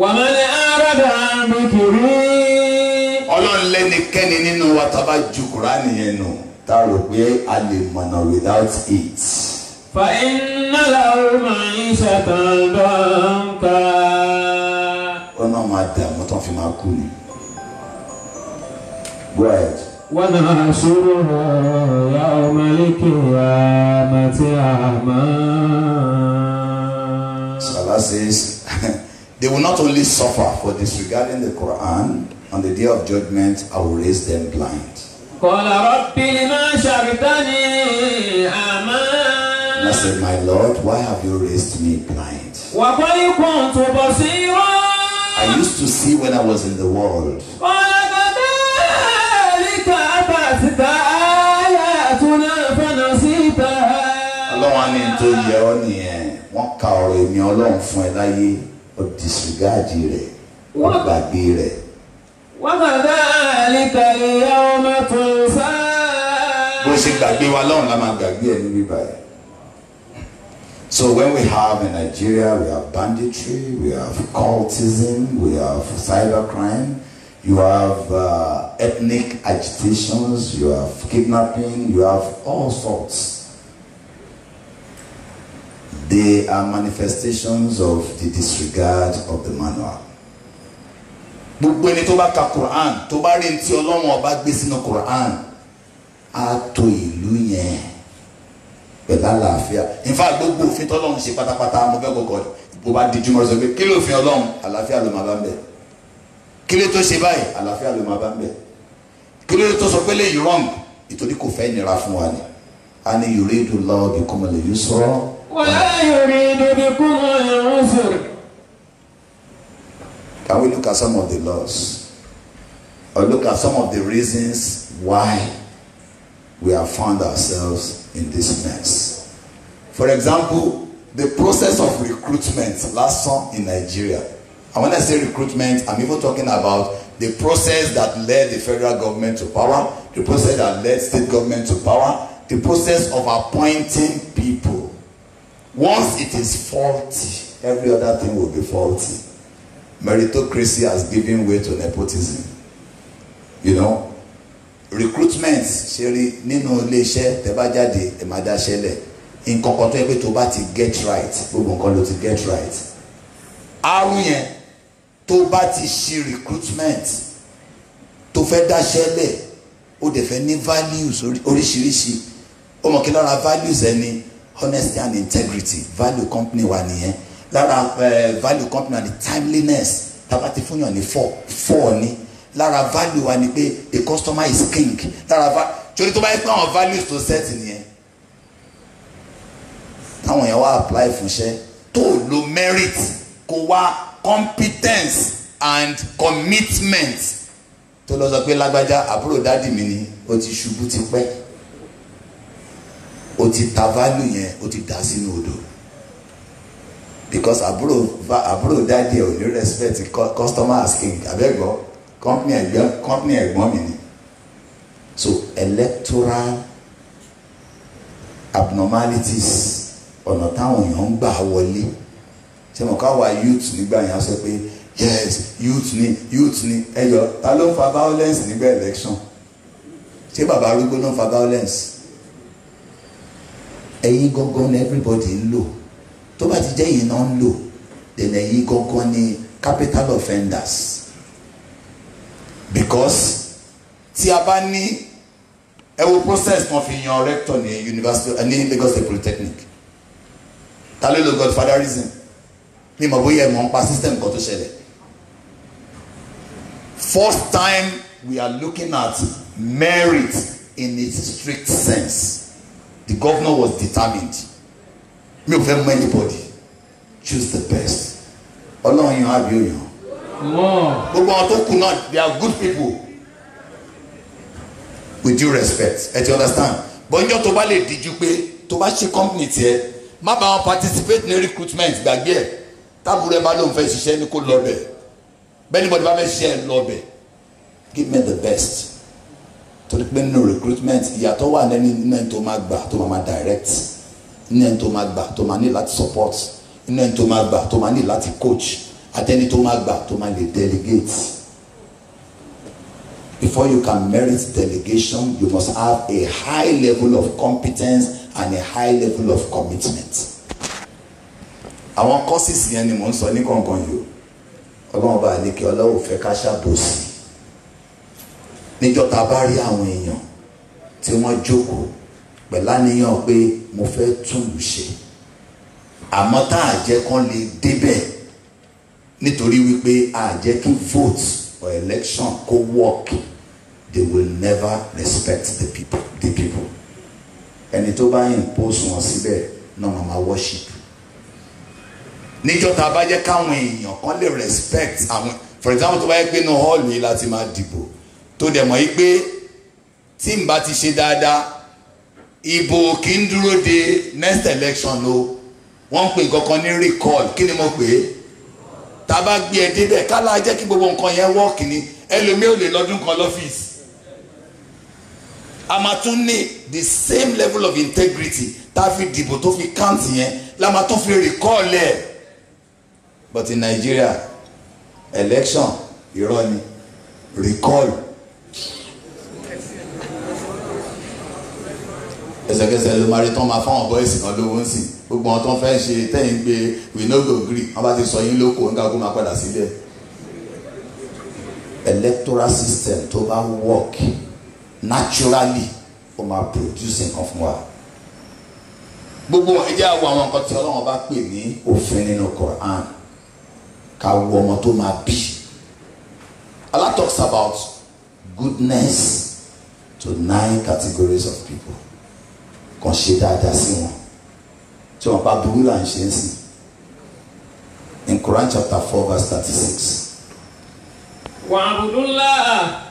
Speaker 1: wàmẹ́lẹ́
Speaker 2: àràdà bìkìrì.
Speaker 1: ọlọ́run lẹ́nikẹ́ni nínú wa tá a bá ju kúránì yẹn nù tá rò pé a lè mọ̀nà without it.
Speaker 2: fa iná làwọn máa ń ṣàtàndán ká.
Speaker 1: ó náà máa dààmú tán fi máa kú ni. bread.
Speaker 2: wọ́n á ṣòro ọ̀yà ọmọléke àmàtí àmà.
Speaker 1: Salah says They will not only suffer for disregarding the Quran, on the day of judgment, I will raise them blind.
Speaker 2: And I
Speaker 1: said, My Lord, why have you raised me blind?
Speaker 2: I
Speaker 1: used to see when I was
Speaker 2: in the world.
Speaker 1: Ọlọ́run á tó yẹ ọ́ nìyẹn wọ́n ka ọ̀rọ̀ èmi Ọlọ́run fún ẹ láyé ó disregard rẹ̀ ó gbàgbé rẹ̀.
Speaker 2: wakadhalika al-yawma tunsa.
Speaker 1: bó ṣe gbàgbé wa lọ́run la máa gbàgbé ẹ níbí báyìí. So when we have in Nigeria, we have banditry, we have cultism, we have cybercrime, you have uh, ethnic agitations, you have kidnapping, you have all sorts. They are manifestations of the disregard of the manual. Gbogbo ẹni tó bá ka Quran tó bá rí ti Ọlọ́run ọba gbé sínú Quran á tò ìlú yẹn pẹ̀lú àlàáfíà. In fact gbogbo òfin tọ́lọ́run ṣe pátápátá mo fẹ́ kọ́kọ́ bó bá di jùmọ̀ sọ pé kí ló fi Ọlọ́run àlàáfíà ló máa bá ń bẹ̀. Kí ló tó ṣe báyìí àlàáfíà ló máa bá ń bẹ̀. Kí ló tó sọ pé lè yí wrong ìtorí kò fẹ́ nira fún wa ni. A ní yorùdù lọ́ọ́ bí kọ́mọlẹ̀ yóò sọ̀rọ̀.
Speaker 2: ولا يريد بكم العسر
Speaker 1: Can we look at some of the laws or look at some of the reasons why we have found ourselves in this mess? For example, the process of recruitment last song in Nigeria. And when I say recruitment, I'm even talking about the process that led the federal government to power, the process that led state government to power, the process of appointing people. Once it is faulty, every other thing will be faulty. Meritocracy has given way to nepotism. You know, recruitment ṣe rí nínú iléeṣẹ́ tẹ́ bá nǹkan kan tó yẹ pé tó bá ti get right gbogbo nǹkan ló ti get right. arú yẹn tó bá ti ṣe recruitment tó fẹ́ dáṣẹ́ ó dẹ̀ fẹ́ ní values oríṣiríṣi ó mọ̀ kí lára values ẹni honesty and integrity value company wa nìyẹn lára eh, value company wa ni timeliness tàbá ti fún yàn ní four four ni lára value wa ni pé the customer is king lára value torí tó bá yẹ pé àwọn values tó set nìyẹn táwọn yẹn wá apply fúnṣẹ́ tó lo merit kó wá competence and commitment tó lọ sọ pé lágbájá àbúrò dádì mi ni ó ti ṣubú ti pẹ́ o ti ta value yẹn o ti dà sínú odò because àbúrò àbúrò dáàdì ẹ̀ ò ní respect customer as king abẹ́gbọ́ company ẹ̀gbọ́n company ẹ̀gbọ́n mi ni so electoral abnormalities ọ̀nà táwọn èèyàn ń gbà wọlé ṣe mọ̀ káwa youth nígbà yẹn sọ pé yes youth ni youth ni ẹyọ ta ló ń fa violence nígbà election ṣé bàbá arúgbó ló ń fa violence ẹ̀yin gangan ni everybody ń lò tó bá ti jẹ́ ẹ̀yin náà ń lò then ẹ̀yin gangan ni capital offenders because tí a bá ní ẹ process kan fi yan rector ní university ní Lagos State Polytechnic ta ló lo godfatherism ní mọ̀ bóyá ẹ̀ mọ̀ ń pa system kan tó ṣẹlẹ̀ first time we are looking at merit in its strict sense the governor was determined mi ò fẹ́ mọ anybody choose the best ọlọ́run yan àbí òyàn gbogbo àwọn tó kù náà they are good people with due respect ẹ ti understand bọ́njọ́ tó bá lè díjú pé tó bá ṣe company tiẹ̀ má bá wọn participate ní recruitment gbàgbé ẹ̀ tábùrẹ́ bá lóun fẹ́ ṣiṣẹ́ ní kó lọ bẹ̀ bẹ́ẹ̀ ni bọ́dé bá fẹ́ ṣiṣẹ́ lọ give me the best torí pé nínú recruitment ìyàtọ̀ wà lẹ́ni nínú ẹni tó máa gbà tó máa máa direct nínú ẹni tó máa gbà tó máa ní láti support nínú ẹni tó máa gbà tó máa ní láti coach àtẹni tó máa gbà tó máa lè delegate. Before you can merit delegation you must have a high level of competence and a high level of commitment. àwọn courses yẹn ni mò ń sọ ní kọ̀ọ̀kan yìí o ọlọ́run bá a ní kí ọlọ́run fẹ́ ká ṣàbòsí níjọ́ tá a bá rí àwọn èèyàn tí wọ́n jókòó pẹ̀lú àníyàn pé mo fẹ́ tún lù ṣe àmọ́ tá a jẹ́ kán lè débẹ̀ nítorí wípé a jẹ́ kí vote or election kó work they will never respect the people the people ẹni tó bá impose wọn síbẹ̀ náà màmá worship níjọ́ tá a bá jẹ́ káwọn èèyàn kan lè respect àwọn for example tó bá yẹ pé inú hall yìí láti máa dìbò tó dẹ̀ mọ̀ yí pé tí n bá ti ṣe dáadáa ìbò kì í dúró de next election lo wọ́n ń pè kankan ní recall kí ni mo pè é tá a bá gbé ẹ débẹ̀ kálá jẹ́ kí gbogbo nǹkan yẹn wọ́ọ̀kì ni ẹlòmíì lè lọ́dún kan lọ́fíìsì a máa tún ní the same level of integrity tá a fi dìbò tó fi count yẹn la máa tún fi recall ẹ̀ but in Nigeria election irọ́ ni recall ẹsẹ̀kẹsẹ̀ ló máa rí tán máa fáwọn bọ́ìsì náà lówó ń sìn gbogbo àwọn tó ń fẹ́ ṣe tẹ́yìn gbé we no go gree wọ́n bá ti sọ yín lóko nígbà kó máa padà sílẹ̀ electoral system tó bá work naturally ó máa produce nǹkan fún wa gbogbo wọn ẹjẹ àwọn àwọn nǹkan tí Ọlọ́run bá pè ní òfin nínú Quran ká wo ọmọ tó máa bí Allah talks about goodness to nine categories of people kàn ṣe dáadáa sí wọn tí wọn bá burú là ń ṣe é sí in Quran chapter four verse thirty-six.
Speaker 2: wa'budullah.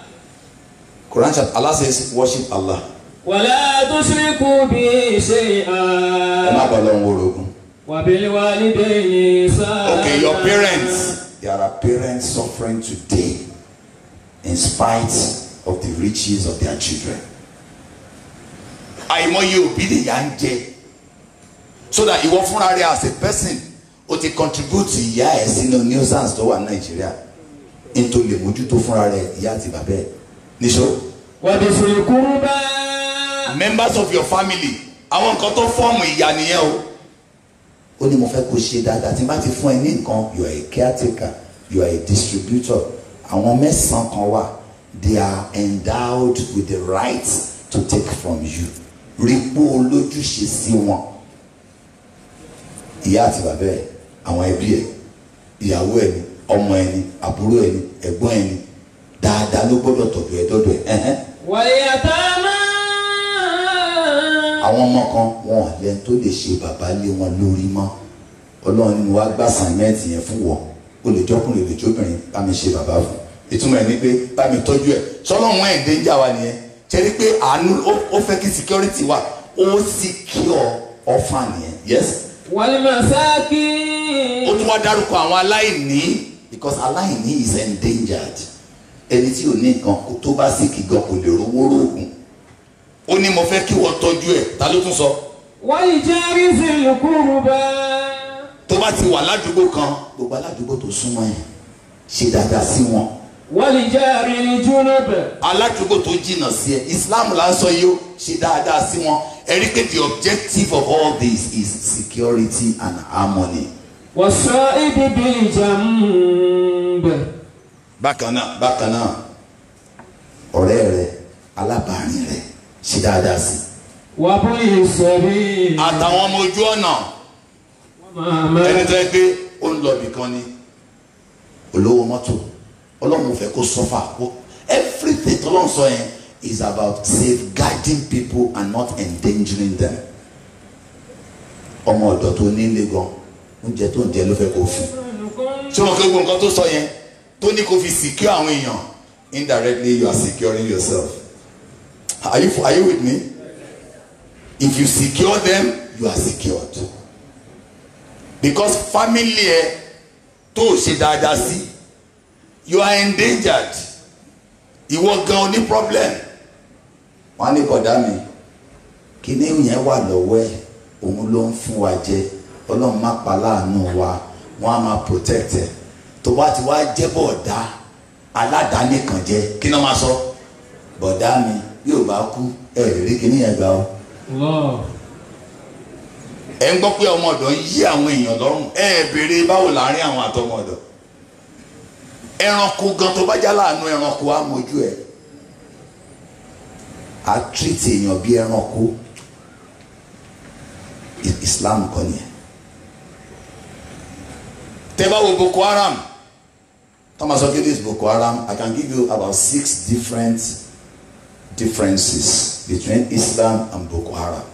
Speaker 1: Quran chapter Allah says worship Allah.
Speaker 2: wala tushriku bihi shay'an. ẹ má bàa lọ ń wọ́rọ̀ ogun. wa bil walidayni ihsana. okay your parents
Speaker 1: there parents suffering today in spite of the riches of their children àìmọye òbí lè yá ń jẹ so that ìwọ fúnra rẹ as a person o ti contribute ìyá ẹ sínú nuisance tó wà ní nàìjíríà nítorí lè mójútó fúnra rẹ ìyá àti bàbá ẹ níṣó. wàbísí kúrúbá. members of your family àwọn nǹkan tó fọ́ọ̀mù ìyá nìyẹn o. ó ní mo fẹ́ kó ṣe dáadáa tí n bá ti fún ẹ ní nǹkan you are a caretaker you are a distributor àwọn mẹ́sàn-án kan wà they are endowed with the right to take from you rí pé olójúṣe sí wọn ìyá àti bàbá ẹ àwọn ẹbí ẹ ìyàwó ẹ ni ọmọ ẹ ni àbúrò ẹ ni ẹ̀gbọ́n ẹ ni dáadáa ló gbọ́dọ̀ tọ́jú ẹ dọdọ ẹ.
Speaker 2: wàyàtà máa.
Speaker 1: àwọn ọmọ kan wọn àlẹ tó lè ṣe bàbá lé wọn lórí mọ́ Ọlọ́run ni mo wá gbà sàmẹǹtì yẹn fún wọn o lè jọkùnrin lè jọbìnrin bá mi ṣe bàbá fún ìtumọ̀ ẹ̀ ni pé bá mi tọ́jú ẹ̀ sọlọ́run ẹ̀ ń dé jà wá nìyẹn ṣe ni pé àánú ó fẹ́ kí security wà ó secure ọ̀fà nìyẹn yes.
Speaker 2: wal masakin.
Speaker 1: ó tún wá dárúkọ àwọn aláìní because aláìní is endangered ẹni tí ò ní nǹkan kó tó bá sì kí gan kò lè rówó rògùn ó ní mo fẹ́ kí wọ́n tọ́jú ẹ̀ ta ló tún sọ.
Speaker 2: wọ́n yìí jẹ́ rízìn lùkúrú bẹ́ẹ̀.
Speaker 1: tó bá ti wà ládùúgbò kan gbogbo aládùúgbò tó súnmọ́ yẹn ṣe dáadáa sí wọn wali jaril junub. aládùúgbò tó jìnnà sí ẹ islam la ń sọ yìí ó ṣe dáadáa sí wọn ẹ pé the objective of all this is security and harmony. wàsá
Speaker 2: ibi bíi jàmbẹ́.
Speaker 1: bákan náà bákan náà ọ̀rẹ́ rẹ alábàárín rẹ ṣe dáadáa sí. wà á bọ́ yìí sẹ́rí. àtàwọn ọmọ ojú ọ̀nà ẹni tó ń gbé ó ń lọ bìkan ni olówó mọ́tò ọlọ́run fẹ́ kó sọ́fà everything tọ́lọ́run sọ yẹn is about safeguarding people and not endangering them ọmọ ọ̀dọ́ tó nílé gan oúnjẹ tó ń jẹ ló fẹ́ kó fún ṣé wọn kò gbọ́ nǹkan tó sọ yẹn tó ní kó fi secure àwọn èèyàn indirectly you are securing yourself are you are you with me if you secure them you are secured because family ẹ tó ṣe dáadáa sí. Si, you are endangered ìwọ gan ní problem wọn á ní bọ̀dá mi kìnìún yẹn wà lọ́wọ́ ẹ̀ òun ló ń fún wa jẹ ọlọ́run má pa láàánú wa wọn á máa protect ẹ tó bá ti wá jẹ́ bọ̀dá aládàáni kan jẹ kí ni wọ́n máa sọ bọ̀dá mi yóò bá kú ẹ̀ rí kìnìún yẹn gbà o. ẹ ń gbọ́ pé ọmọ ọ̀dọ́ ń yí àwọn èèyàn lọ́rùn ẹ béèrè báwo láàrin àwọn ẹranko gan tó bá já láàánú ẹranko á mojú ẹ á tírìtì èèyàn bí ẹranko Islam kọ́ nìyẹn tẹ́ bá Boko Haram thomas okedu is Boko Haram I can give you about six different differences between Islam and Boko Haram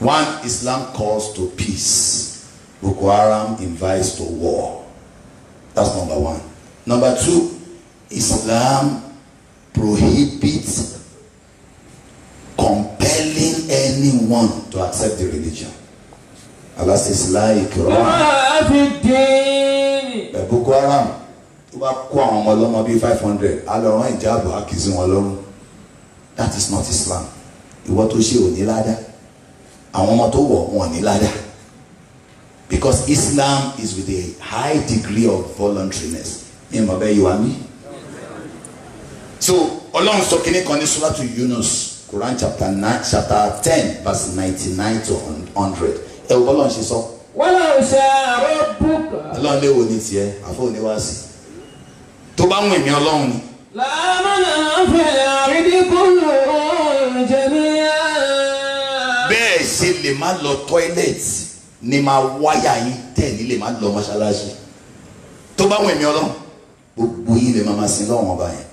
Speaker 1: one Islam calls to peace Boko Haram invites to war. That's number one. Number two, Islam prohibits compelling anyone to accept the religion. Allah says, like Quran. Boko Haram tó bá kó àwọn ọmọ five hundred á lọ rán ìjáàbọ̀ á kì í sí wọn lọ́rùn. That is not Islam. Ìwọ tó ṣe ò ní ládàá. Àwọn ọmọ tó wọ̀ wọn ò because Islam is with a high degree of voluntariness ní ìmọ̀ bẹ́ẹ̀ yìí wá mí. so ọlọ́run sọ kínní kan ní suratu Yunus Quran chapter nine chapter ten verse ninety nine to hundred ẹ wọ́n ọlọ́run ṣe sọ.
Speaker 2: wọ́n lọ ṣe àwọn búkà.
Speaker 1: ọlọ́run léwo ní tiẹ̀ àfọwọ́ ní wá sí i tó bá ń wẹ̀ mí ọlọ́run ni.
Speaker 2: làmánà fẹ̀yà rídíkùlù jẹ̀míyà.
Speaker 1: bẹ́ẹ̀ ṣe lè má lọ tọ́ílẹ̀tì ni máa wáyà yín tẹ̀ nílé máa lọ mọ́ṣáláṣí tó bá wọn èmi ọlọ́run gbogbo yín lè máa sin lọ́wọ́n ọba yẹn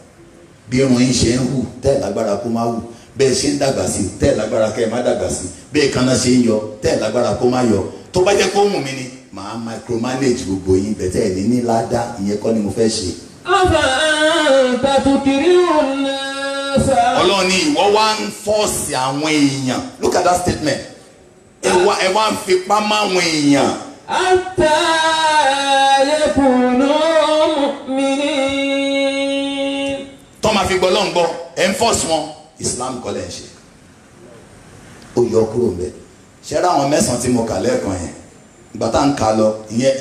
Speaker 1: bí irun yín ṣe ń hù tẹ́ lágbára kó má hù bẹ́ẹ̀ ṣe ń dàgbà sí tẹ́ lágbára kẹ́ ẹ má dàgbà sí bẹ́ẹ̀ kaná ṣe ń yọ tẹ́ lágbára kó má yọ tó bá jẹ́ kó mú mi ni màá micromanage gbogbo yín bẹ̀tẹ̀ ní ní ládá ìyẹn kọ́ ni mo fẹ́ ṣe. ọ̀fà tàtùkìrì
Speaker 2: òun náà sá. ọlọ́run ni
Speaker 1: ìwọ wá ń fọ́ọ̀sì àwọn èèyàn look at that statement ẹ wá ẹ wá ń fipá máwọn èèyàn.
Speaker 2: àtà ẹ̀kúnú mi ni.
Speaker 1: tọ́ máa fi gbọ́ lọ́n gbọ́ ẹ̀ ń fọ́ọ̀sì wọn Islam College. lẹ́ ń ṣe ó yọ kúrò ń bẹ̀ àwọn mẹ́sàn-án tí mo kà lẹ́ẹ̀kan yẹn ìgbà tá à ń kà lọ ìyẹn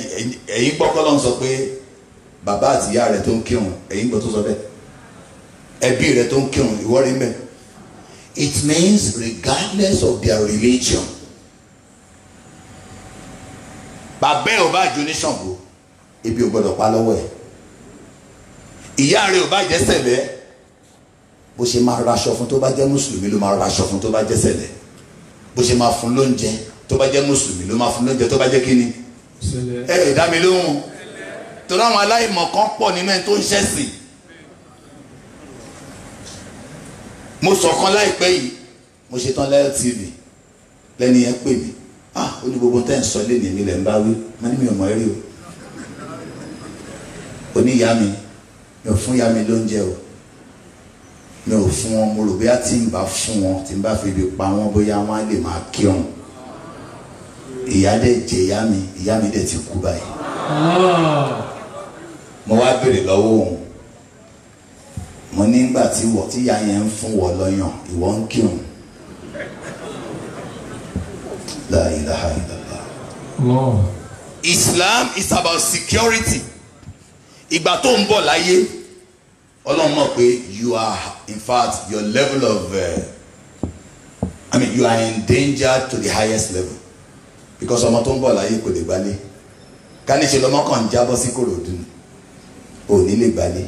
Speaker 1: ẹ̀yìn gbọ́ kọ́ lọ́n sọ pé bàbá àti ìyá rẹ̀ tó ń kírun ẹ̀yìn gbọ́ tó sọ bẹ́ẹ̀ ẹbí rẹ̀ tó ń kírun ìwọ́rí mẹ́ it means regardless of their religion bàbá ẹ̀ ò bá jó ní Ṣàngó ebi ò gbọdọ̀ pa lọ́wọ́ ẹ̀ ìyá rẹ̀ ò bá jẹ́ sẹ̀lẹ̀ bó ṣe máa raṣọ fún tó bá jẹ́ mùsùlùmí ló máa raṣọ fún tó bá jẹ́ sẹ̀lẹ̀ bó ṣe máa fún lóúnjẹ tó bá jẹ́ mùsùlùmí ló máa fún lóúnjẹ tó bá jẹ́ kíni ẹ ẹ dá mi lóhùn torí àwọn aláìmọ̀ kan pọ̀ nínú ẹni tó ń ṣẹ̀sìn mo sọ̀kan láìpẹ́ yìí mo ṣetán lẹ́yìn tv lẹ́ni yẹn pè mí ah o ní gbogbo tẹ́ ń sọ lé nìyí lẹ́ ń bá wí má ní mi ò mọ̀ rí o oníyá mi mi ò fún yá mi lóúnjẹ o mi ò fún wọn mo rò bóyá tí n bá fún wọn tí n bá fi ibi pa wọn bóyá wọn á lè máa kírun ìyá dẹ̀ jẹ ìyá mi ìyá mi dẹ̀ ti kú báyìí mo wá béèrè lọ́wọ́ òun mo nígbà tí ìyá yẹn ń fún wọ lọ́yàn ìwọ ń kírun La ilaha illallah. Lord. Islam is about security. Ìgbà tó ń bọ̀ láyé, Ọlọ́run mọ̀ pé you are in fact your level of uh, I mean you are in danger to the highest level because ọmọ tó ń bọ̀ láyé kò lè gbálé. Káníṣe lọ́mọ kan ń jábọ́ sí Kòròdú ni, òní lè gbálé.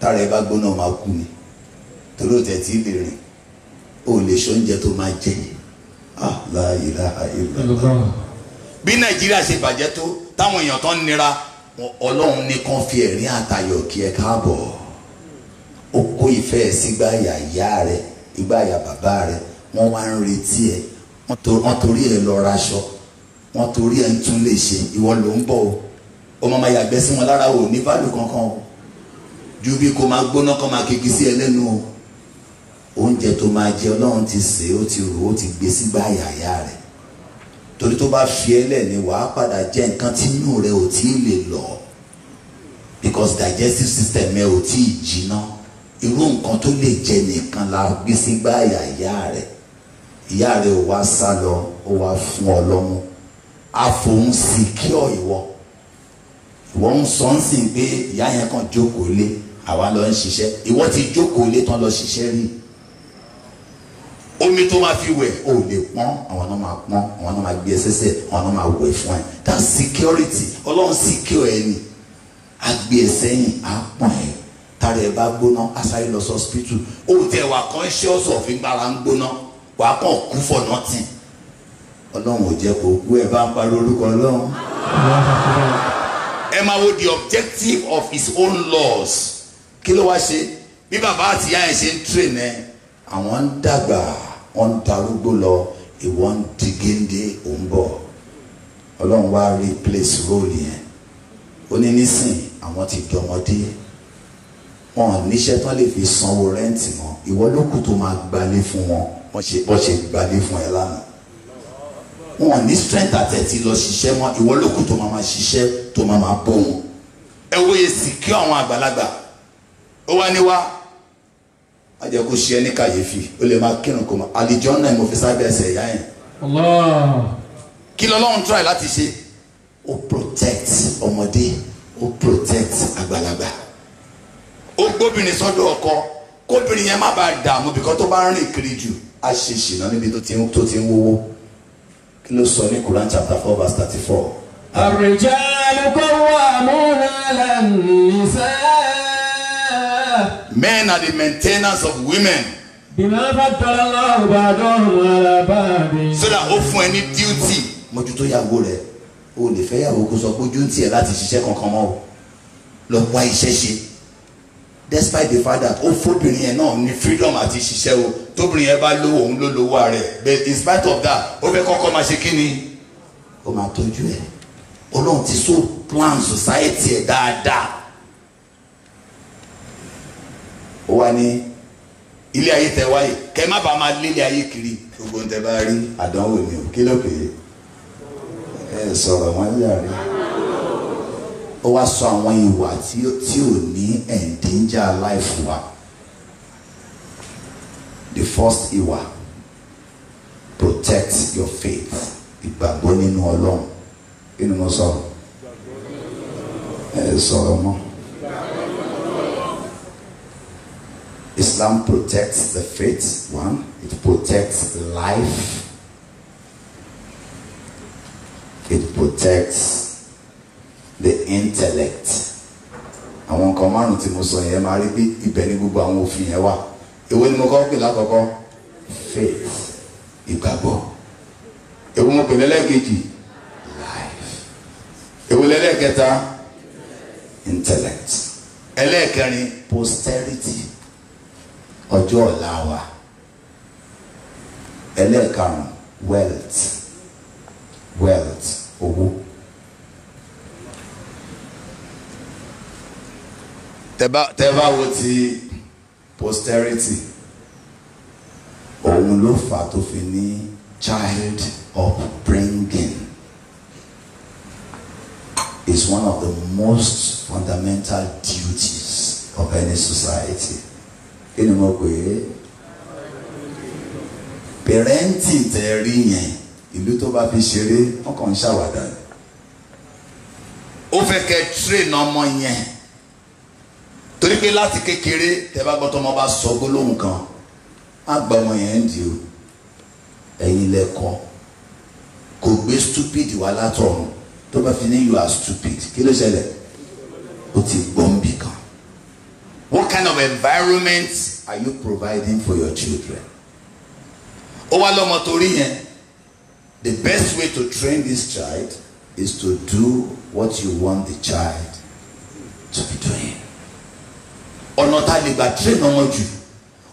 Speaker 1: Tára ẹ bá gbóná máa kú ni, torí òtẹ̀ tí ì lè rìn, ò lè ṣoúnjẹ tó máa jẹ yìí ah la ilaha
Speaker 2: illallah
Speaker 1: bí nàìjíríà ṣe bàjẹ́ tó táwọn èèyàn tán nira ọlọ́run nìkan fi ẹ̀rín àtayọ̀ kí ẹ káàbọ̀ ó kó ìfẹ́ ẹ sígbà yàyà rẹ ìgbà yà bàbá rẹ wọ́n wá ń retí ẹ wọ́n torí ẹ lọ raṣọ wọ́n torí ẹ ń tún lè ṣe ìwọ ló ń bọ̀ o ó máa yàgbẹ́ sí wọn lára o ní fàlù kankan o ju bí kò máa gbóná kó máa kegi sí ẹ lẹ́nu o oúnjẹ tó máa jẹ ọlọ́run ti sè é ó ti rò ó ti gbé sígbà yàyà rẹ̀ torí tó bá fi ẹ́ lẹ̀ ni wàá padà jẹ nǹkan tí inú rẹ̀ ò tí ì lè lọ because digestive system ẹ ò tí ì jiná irú nǹkan tó lè jẹ nìkan la gbé sígbà yàyà rẹ̀ ìyá rẹ̀ ò wá sá lọ ó wá fún ọ lọ́mú àfòun sì kí ọ ìwọ ìwọ ń sọ ń sìn pé ìyá yẹn kàn jókòó lé àwa lọ ń ṣiṣẹ́ ìwọ ti jókòó lé tán lọ ṣiṣẹ́ rí i omi tó máa fi wẹ̀ ò lè pọ́n àwọn náà máa pọ́n àwọn náà máa gbé ẹsẹ̀sẹ̀ àwọn náà máa wẹ̀ fún ẹ that security ọlọ́run secure ẹ ni agbé ẹsẹ̀ yìí á pọ̀n ẹ tààrà ẹ bá gbóná aṣáré lọ sí hospital ó tẹ wà conscious of ìgbára ń gbóná wàá kàn kú for nothing ọlọ́run ò jẹ́ kó kú ẹ bá ń parí orúkọ ọlọ́run. ẹ máa wo the objective of his own laws kí ló wá ṣe bí bàbá àtìyá ẹ ṣe ń train ẹ àwọn ń dàgbà wọ́n ń darúgbó lọ ìwọ ń di géńdé ò bọ̀ ọlọ́run wá rí place role yẹn ó ní nísìn àwọn ti dọmọdé wọn níṣẹ́ tán lè fi sanwó rẹ́ǹtì mọ́ ìwọ ló kù tó máa gbalé fún wọn wọ́n ṣe bọ́ ṣe gbalé fún ẹ lánàá wọn ní strength àtẹ̀tí lọ ṣiṣẹ́ mọ́ ìwọ ló kù tó máa máa ṣiṣẹ́ tó máa máa bọ̀ wọn ẹ wòye sì kí àwọn àgbàlagbà ó wá ní wá ajẹ́ kó ṣe é ní kàyéfì ó lè máa kírun kò mọ́ àlìjọ náà mo fi sábẹ́ ẹsẹ̀ ìyá yẹn. kí lọ́lọ́run try láti ṣe ó protect ọmọdé ó protect àgbàlagbà ó gbóbìnrin sọ́dọ̀ ọkọ kóbìnrin yẹn má bàa dààmú bìkọ́ tó bá ń rìn kiri jù á ṣe ṣìnà níbi tó ti ń tó ti ń wówó kí ló sọ ní Quran chapter four verse thirty four.
Speaker 2: الرجال قوامون على النساء
Speaker 1: Men are the maintainers of women. So that ó fún ẹ ní duty. Mójútó ìyàwó rẹ̀, o lè fẹ́ ìyàwó kó sọ pé ojú ń tiẹ̀ láti ṣiṣẹ́ kankan mọ́ o. Lọ wá iṣẹ́ ṣe. Despite the fact that ó fóbìnrin yẹn náà ní freedom àti ṣiṣẹ́ o. Tóbìnrin yẹn bá lówó òun ló lówó ààrẹ. But in spite of that, ó fẹ́ kọ́kọ́ máa ṣe kí ni? Ó máa tọ́jú ẹ̀. Ọlọ́run ti so plan society ẹ̀ dáadáa. ó wá ní ilé ayé tẹ wáyé kẹ má bàa máa lé ilé ayé kiri gbogbo tẹ bá rí àdánwò ni o kí ló pè é ẹ sọ̀rọ̀ wọn yàrá ó wá sọ àwọn ìwà tí ò ní ẹ̀ǹdíńjà láìfù wa the first ìwà protect your faith ìgbàgbọ́ nínú ọlọ́run inú mo sọ̀rọ̀ ẹ sọ̀rọ̀ mọ́. Islam protects the faith, one, it protects life, it protects the intellect. Àwọn nǹkan márùn-ún tí mo sọ yẹn máa rí bí ibẹ̀ ni gbogbo àwọn òfin yẹn wà. Èwo ni mo kọ́ pè lákọ̀ọ́kọ́? Faith, ìgbàgbọ́. Èwo mo pè lẹ́lẹ́kejì? Life. Èwo lẹ́lẹ́kẹta? Intellect. Ẹlẹ́ẹ̀kẹrin, posterity ọjọ́ ọ̀la wa ẹlẹ́ẹ̀karùn wealth wealth owó. tẹ́bá tẹ́bá wo ti posterity òun ló fà tó fi ní child upbringing is one of the most fundamental duties of any society kí ni mo pè é pẹrẹntì tẹ rí yẹn ìlú tó bá fi ṣeré wọn kàn ń ṣàwàdà ni ó fẹ́ kẹ́ train ọmọ yẹn torí pé láti kékeré tẹ bá gbọ́tọ́ ọmọ bá sọ gbólóhùn kan á gba ọmọ yẹn ń di o ẹ̀yin lẹ́kọ́ kò gbé stupid wá látọ̀run tó bá fi ní you are stupid kí ló ṣẹlẹ̀ ó ti gbọ́n bì kan. What kind of environment are you providing for your children? Ó wá lọ́mọ torí yẹn. The best way to train this child is to do what you want the child to be doing. Ọ̀nà tá a lè gbà train ọmọ jù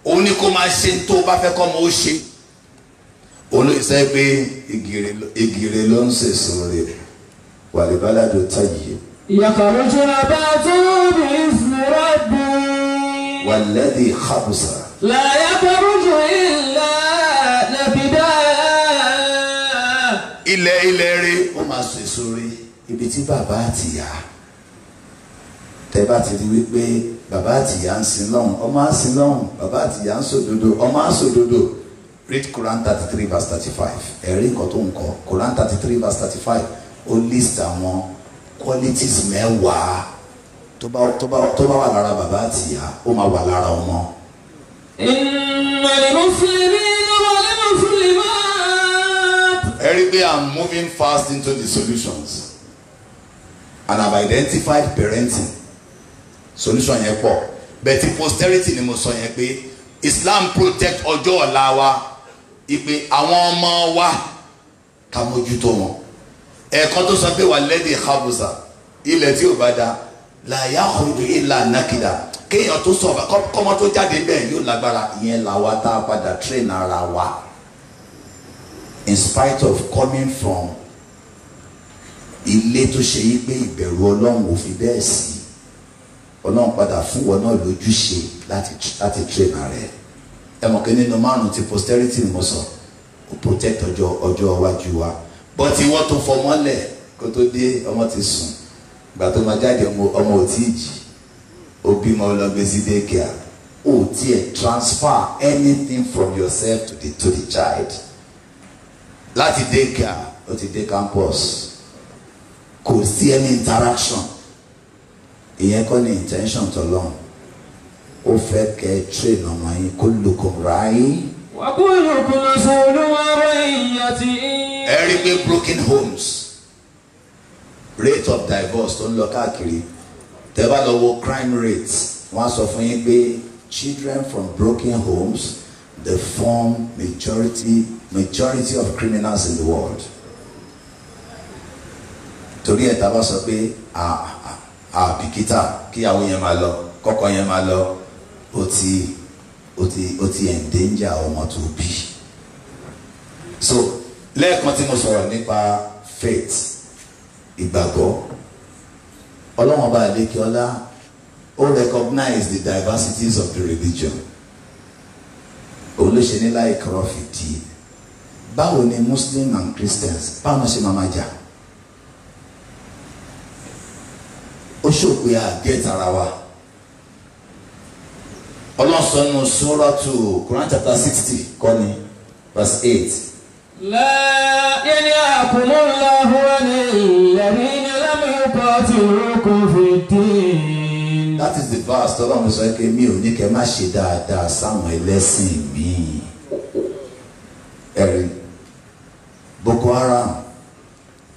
Speaker 1: òun ni kó máa ṣe tó bá fẹ́ kọ́ ọmọ ó ṣe. Olóòṣẹ́ pé ìgìrì ló ń sèso rẹ̀ wàlúbálàdó tàyè.
Speaker 2: Yàtọ̀ lójú ọba tó bí ìsìn rẹ̀ bí.
Speaker 1: والذي xabusa.
Speaker 2: لا kọ́rùjù إلا nàbìdá.
Speaker 1: ilẹ̀ إلا rí ó máa sọ èso rí ibi tí bàbá àtìyá tẹ́ bá ti rí wípé bàbá àtìyá ń sin lọ́hùn ọmọ á sin lọ́hùn bàbá àtìyá ń sòdodo ọmọ á sòdodo read Quran thirty three verse thirty five ẹ̀rí nǹkan tó ń kọ Quran thirty three verse thirty five ó list àwọn qualities mẹ́wàá tó bá tó wà lára bàbá àti ìyá ó máa wà lára ọmọ.
Speaker 2: ìmọ̀lẹ́mú fúnlẹ́mí ìmọ̀lẹ́mú fúnlẹ́má.
Speaker 1: ẹ rí pé I'm moving fast into the solutions and have identified parenting solution yẹn but bẹ̀tí posterity ni mo sọ yẹn pé Islam protect ọjọ́ ọ̀la wa ìpè àwọn ọmọ wa ká mójútó wọn ẹ̀kọ́ tó sọ pé wà lẹ́dí ìhábùsà ilẹ̀ tí ò bá da làyà kùdù ìlà nàkìdà kéèyàn tó sọ kọ́mọ tó jáde bẹ́ẹ̀ yóò lágbára ìyẹn làwa tá a padà train ara wa in spite of coming from ilé tó ṣe yí pé ìbẹ̀rù ọlọ́run ò fi bẹ́ẹ̀ sí ọlọ́run padà fún wọn náà lójúṣe láti láti train ara ẹ̀ ẹ mọ̀ pé nínú márùn ti posterity ni mo sọ kò protect ọjọ́ ọjọ́ iwájú wa bọ́tí wọ́n tó fọmọ́lẹ̀ kó tó dé ọmọ ti sùn gbà tó máa jáde ọmọ ò tí ì jì ó bímọ lọ sí daycare ó tiẹ̀ transfer anything from yourself to the to the child láti daycare ó ti dé campus kò sí any interaction ìyẹn kọ́ ni intention tọ́lọ́run ó fẹ́ kẹ́ ẹ train ọmọ yín kó lukùn ráyé.
Speaker 2: wàá kó ìrùkùn lọ sọ olúwa rẹ̀ ìyàtì.
Speaker 1: ẹ rí i pé broken homes rate of divorce tó ń lọ káàkiri tẹ́ bá lọ wo crime rate wọ́n á sọ fún yín pé children from broken homes they form majority majority of criminals in the world torí ẹ̀ tá a bá sọ pé àbìkítà kíyàwó yẹn máa lọ kọ́kọ́ yẹn máa lọ ó ti ó ti ó ti endanger ọmọ tó bí so lẹ́ẹ̀kan tí mo sọ̀rọ̀ nípa faith ìgbàgbọ́ ọlọ́wọ́n bá àlékè ọlá ó recognize the diversities of the religion òun ló ṣe ní láì kọ́rọ́ fìdí báwo ni Muslim and Christians báwọn ṣe máa ma jà ó ṣòpin àgẹ́t ara wa ọlọ́sọ̀nù sóràtù Quran chapter sixty kọ́ni verse eight.
Speaker 2: لا ينهاكم الله عن لم
Speaker 1: يقاتلوكم في الدين. That is the verse tọ́lọ́mù sọ pé mi ò ní kẹ́ má ṣe dáadáa sáwọn ẹlẹ́sìn míì ẹ̀rí Boko Haram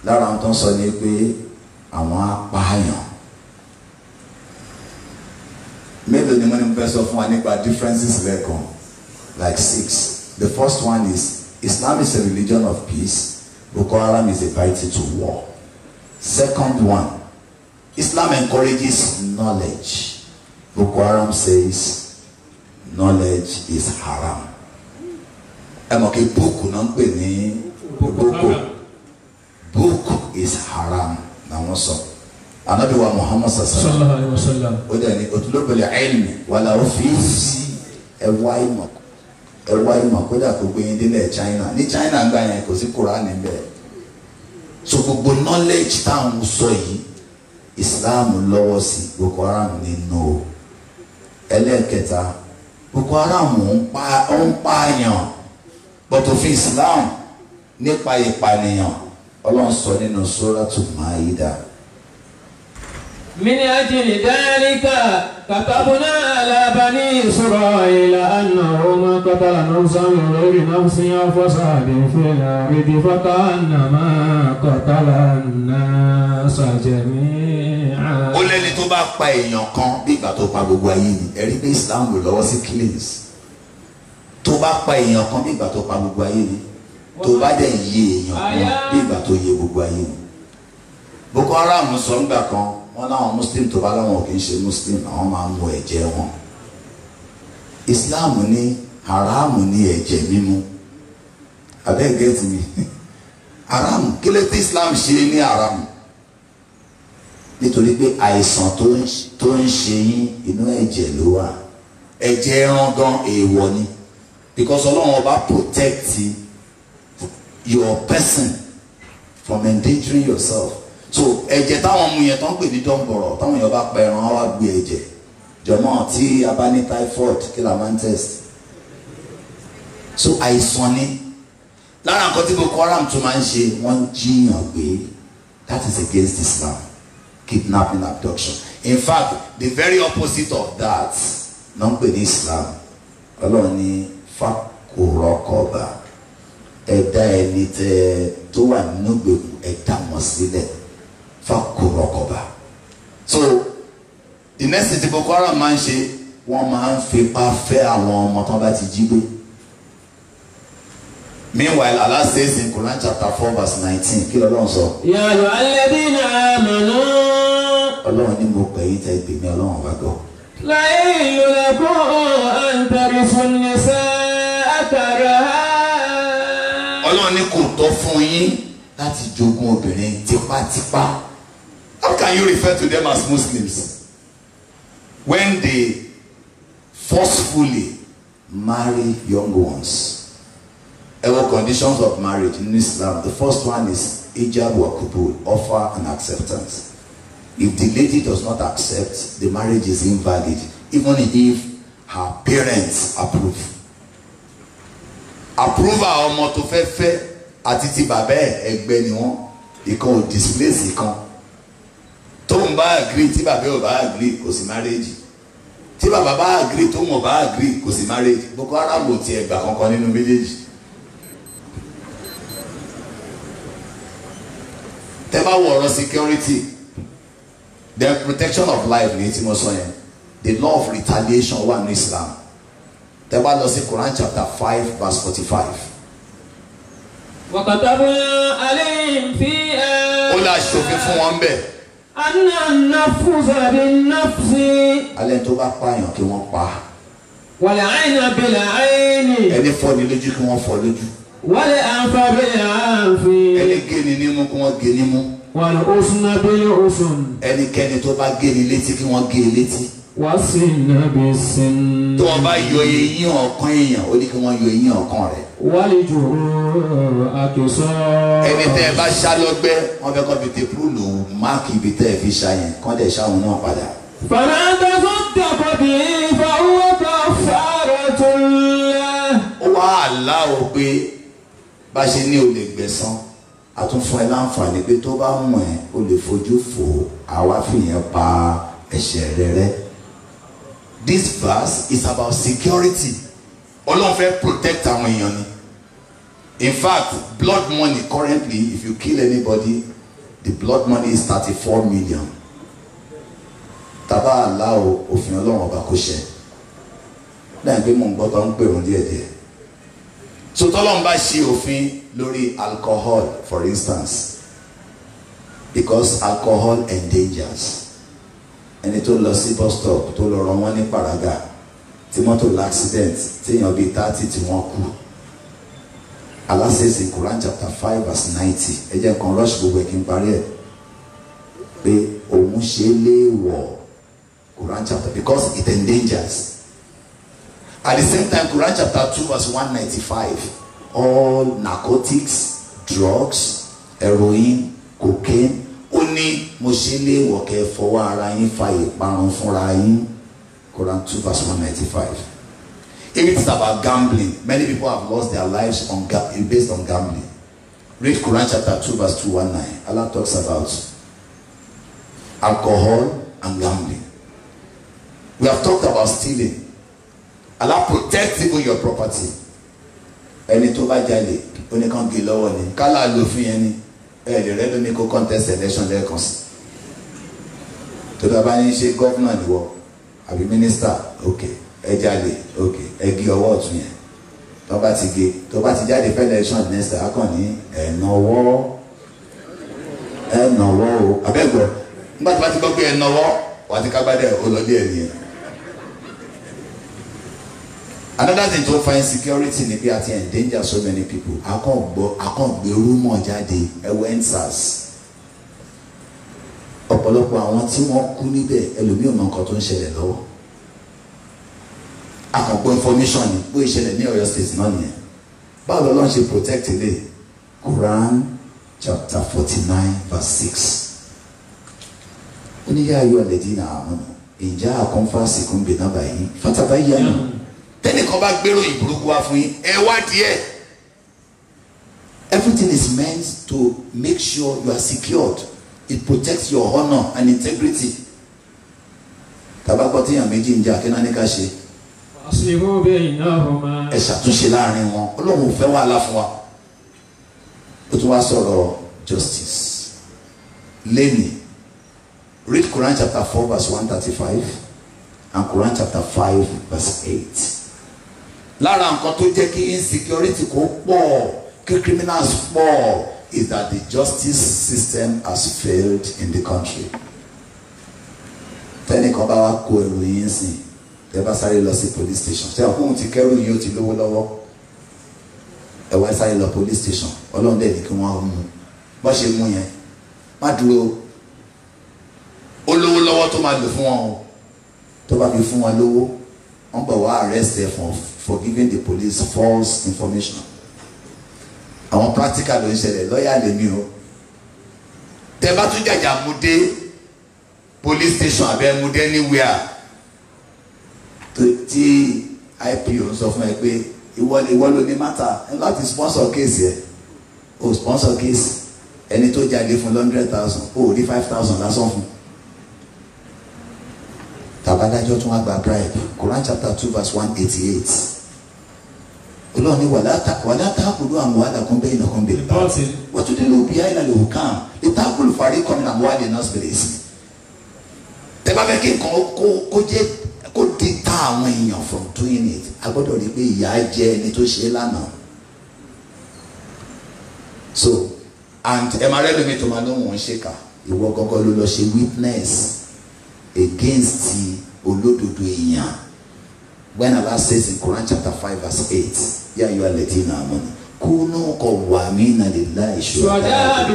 Speaker 1: lára àwọn tó ń sọ ni pé àwọn apààyàn mélòó ni wọ́n ní fẹ́ sọ fún wa nípa differences lẹ́ẹ̀kan like six the first one is Islam is a religion of peace. Boko Haram is invited to war. Second one, Islam encourages knowledge. Boko Haram says knowledge is haram. Ẹ mọ̀ kí búùkù náà ń pè ní boko. Book is haram làwọn sọ. Anabi Muhammad sallallahu alayhi wa sallam. O dẹ̀ ni otulobele ilmi wala ofis ẹ wá ìmọ̀ ẹrú wáyé mọ̀ kódà kó gbé yín délẹ̀ China ní China gba yẹn kò sí Kùránì bẹ́ẹ̀ so gbogbo knowledge táwọn sọ yìí Islam lọ́wọ́ sí Boko Haram nínú o ẹlẹ́ẹ̀kẹta Boko Haram ń pààyàn bọ́tò fún Islam nípa ìpànìyàn ọlọ́run sọ nínú Suratul Maida.
Speaker 2: من أجل ذلك كتبنا على بني إسرائيل أنه من قتل نفسا بغير نفس أو فساد في الأرض فكأنما قتل الناس جميعا.
Speaker 1: ó lẹ́ni tó bá pa èèyàn kan bí ìgbà tó pa gbogbo ayé ni ẹ̀rí pé Islam ló lọ́wọ́ sí cleans tó bá pa èèyàn kan bí ìgbà tó pa gbogbo ayé ni tó bá dẹ̀ yé èèyàn kan bí ìgbà tó yé gbogbo ayé ni Boko Haram sọ ńgbà kan wọn láwọn muslim tó bá láwọn kì í ṣe muslim àwọn máa mu ẹ̀jẹ̀ wọn islam ní haramu ní ẹ̀jẹ̀ mímu abẹ́ẹ̀ gẹ́tì mi haramu kí tí islam ṣe ní haramu nítorí pé àìsàn tó ń ṣe yín inú ẹ̀jẹ̀ ló wà ẹ̀jẹ̀ ẹran gan èèwọ̀ ni because ọlọ́run ọba protect your person from endangering yourself so ẹ̀jẹ̀ táwọn ọmọ yẹn tó ń pè ní dọ́ǹbọ̀rọ̀ táwọn èèyàn bá pa ẹran wá gbé ẹ̀jẹ̀ jọmọ́ tí a bá ní typhoid kí la máa ń test so àìsàn ni lára nǹkan tí boko haram tún máa ń ṣe wọ́n ń jiyàn pé that is against Islam kidnapping abduction in fact the very opposite of that ló ń pè ní Islam ọlọ́run ní fakurọ́kọ̀ọ́bà ẹ̀dá ẹni tẹ́ tó wà nínú gbèkú ẹ̀dá mọ̀ sílẹ̀ fakorọkọba so ìnẹ́sì tí Boko Haram máa ń ṣe wọ́n máa ń fipá fẹ́ àwọn ọmọ tó bá ti jí gbé meanwhile Allah says in Quran chapter four verse nineteen kí lọ́lọ́run sọ.
Speaker 2: yàrá alladhina amanu.
Speaker 1: ọlọ́run ní mo pè é tẹ gbèmí ọlọ́run wá gbọ́.
Speaker 2: láyé ìlú lẹ́kọ̀ọ́ àǹtẹ̀rì fún ní sẹ́ẹ̀ àtàrà.
Speaker 1: ọlọ́run ní kò tọ́ fún yín láti jogún obìnrin tipátipá can you refer to them as Muslims when they forcefully marry young ones Ever conditions of marriage in Islam the first one is ijab wa qubul offer and acceptance if the lady does not accept the marriage is invalid even if her parents approve approval ọmọ tó fẹ́ fẹ́ àti ti bàbá ẹ̀ ẹgbẹ́ ni wọ́n ìkan ò displace ìkan tóun bá agree tí bàbá ò bá agree kò sí marriage tí bàbá bá agree tóun ò bá agree kò sí marriage Boko Haram ò tiẹ̀ gbà kankan nínú méjèèjì. tẹ́ bá wọ ọ̀rọ̀ security the protection of life ní tí mo sọ yẹn the law of retaliation wà ní Islam tẹ́ bá lọ sí Quran chapter five verse forty-five.
Speaker 2: وكتبنا عليهم فيها. ó lè aṣòfin fún wọn bẹ́ẹ̀ anna nafsa bin nafsi.
Speaker 1: alẹ́ tó bá pààyàn kí wọ́n pa. wàlẹ̀ àìnà bẹ̀lẹ̀ àìní. ẹni fọ́ ni lójú kí wọ́n fọ́ lójú. wàlẹ̀ àǹfà bẹ̀lẹ̀ àǹfì. ẹni géni nímú kí wọ́n géni mú. wàlẹ̀ òsùn náà òsùn. ẹnikẹ́ni tó bá géni létí kí wọ́n géni e létí
Speaker 2: wá sí nàbí sin.
Speaker 1: tó o bá yọ eyín ọ̀kan èèyàn ó ní kí wọ́n yọ eyín ọ̀kan rẹ̀.
Speaker 2: wálé jù àtòsọ. ẹni tẹ́
Speaker 1: ẹ bá ṣá lọ́gbẹ́ wọ́n fẹ́ kọ́ fi tẹ púlù máàkì ibi tẹ́ ẹ fi ṣá yẹn kọ́ dẹ̀ ṣáwọn náà padà.
Speaker 2: fàlàǹdà tó dàpọ̀ bí ìfowó kan fàárọ̀
Speaker 1: tó lẹ̀. ó wá aláwọ̀ pé bá ṣe ní olè gbẹ̀san a ẹ láǹfààní pé tó bá mọ̀ ẹ́ o fojú fò àwa fìyẹn pa ẹ̀ṣẹ̀ rẹ rẹ́ this verse is about security ọlọ́run fẹ́ protect àwọn èèyàn ni in fact blood money currently if you kill anybody the blood money is thirty four million taba aláwo òfin ọlọ́run ọba kò ṣe lẹ́yìn pé mò ń gbọ́ tó ń pè wọ́n díẹ̀díẹ̀ so tọ́lọ́run bá ṣe òfin lórí alcohol for instance because alcohol endangers ẹni tó lọ sí bus stop tó lọ rọ wọ́n ní paraga tí mọ́tò l'accident téèyàn bíi thirty tí wọ́n kú Allah says in Quran chapter five verse ninety ẹ jẹ́ nǹkan rush gbogbo ẹ̀ kí n parí ẹ̀ pé òun ṣe é léèwọ̀ Quran chapter because it endangers at the same time Quran chapter two verse one ninety five all narcotics drugs heroin cocaine only mo ṣe lé wọ̀kẹ́ fọwọ́ ara yín fa ìparun fúnra yín Quran two verse one ninety five it's about gambling many people have lost their lives on based on gambling read Quran chapter two verse two one nine Allah talks about alcohol and gambling we have talked about stealing Allah protects even your property ẹni tó bá jalè ó ní kàn lọ́wọ́ ni kálá lófin yẹn ẹ lè rẹ́ lómi kó contest election lẹ́ẹ̀kan sí i tó tàbá ní ṣe gọ́fúnà nìwọ àbí mínísítà ok ẹ jalè ok ẹ gé ọwọ́ ọ̀tún yẹn tó bá ti gé tó bá ti jáde fẹ́ election next time akàn ní ẹ̀nàwọ́ ẹ̀nàwọ́ o abẹ́gbọ́ nígbà tó bá ti gbọ́ pé ẹ̀nàwọ́ wàá ti kágbádẹ olóde ẹ̀ nìyẹn. another thing to find security ni bí a ti endanger so many people akọ̀ gbọ́ akọ̀ gbé rúmọ̀ jáde ẹ̀wẹ̀ ẹ̀ ń ọ̀pọ̀lọpọ̀ àwọn tí wọ́n kú níbẹ̀ ẹlòmíì ò mọ nǹkan tó ń ṣẹlẹ̀ lọ́wọ́ àkànpọ̀ information ni bó ìṣẹ̀lẹ̀ ní Ọ̀yọ́ state náà nìyẹn báwo lọ́lọ́run ṣe protect ilé Quran chapter forty nine verse six ó ní yáa yọ ẹ̀lẹ́dí náà àwọn ìjà àkọ́nfà sìnkún bìnnà báyìí fataba yánu tẹ́nìkan bá gbèrò ìburúkú wá fún yín ẹ wá díẹ̀. everything is meant to make sure you are secured it protects your honour and integrity tabakọ tíyàn méjì ń jà kí náà ní ká ṣe.
Speaker 2: àṣìwò bẹ́ẹ̀ iná ọmọ. ẹ
Speaker 1: ṣàtúnṣe láàrin wọn ọlọ́run ò fẹ́ wàhálà fún wa ó tún wá sọ̀rọ̀ justice lẹ́nìí read Quran chapter four verse one thirty five and Quran chapter five verse eight lára nǹkan tó jẹ́ kí insecurity kó pọ̀ kí criminals pọ̀ is that the justice system has failed in the country. tẹ́nìkan bá wá kó ẹrù yín sí tẹ́ bá sáré lọ sí police station tẹ́ ọkùnrin ti kẹ́rù yín ó ti lówó lọ́wọ́ ẹ wá sáré lọ police station ọlọ́run dẹ̀ ní kí wọ́n mú bá ṣe mú yẹn má dúró ó lówó lọ́wọ́ tó máa lò fún wọn o tó bá fi fún wọn lówó wọ́n gbà wá arrest ẹ for giving the police false information àwọn practical ló ń ṣẹlẹ̀ lọ́ọ̀yà lèmi o tẹ bá tún jàjà mú police station abẹ́ mú dé anywhere tí IPO ń sọ fún ẹ pé ìwọ ni ìwọ ló ní mátà láti sponsor case yẹ o sponsor case ẹni tó jáde fún hundred thousand o ò five thousand lásán fún tàbádájọ́ tún wá gba bribe Quran chapter two verse one eighty eight ọlọ́run ni wàlá tààkùlù àwọn àdàkùn bẹ́ẹ̀ nàkùn bẹ́ẹ̀ báyìí wọ́n tún nílò bí àyìnlá lè hùkàn ìtàkùlù fàrí kọ́ni àwọn àdè náà sọ̀rọ̀ èsì. tẹ́ bá fẹ́ kí nǹkan kó jẹ́ kó di ta àwọn èèyàn from doing it a gbọ́dọ̀ rí pé ìyá jẹ ẹni tó ṣe é lánàá. so and ẹ máa rẹ́lu mi tó máa lóhùn ṣe kà ìwọ gọ́gọ́ ló lọ ṣe witness against olódodo èèyàn when Allah says in Quran chapter five verse eight, ya ayyuhal ladhina amanu kunu qawwamina lillahi shuhada ah,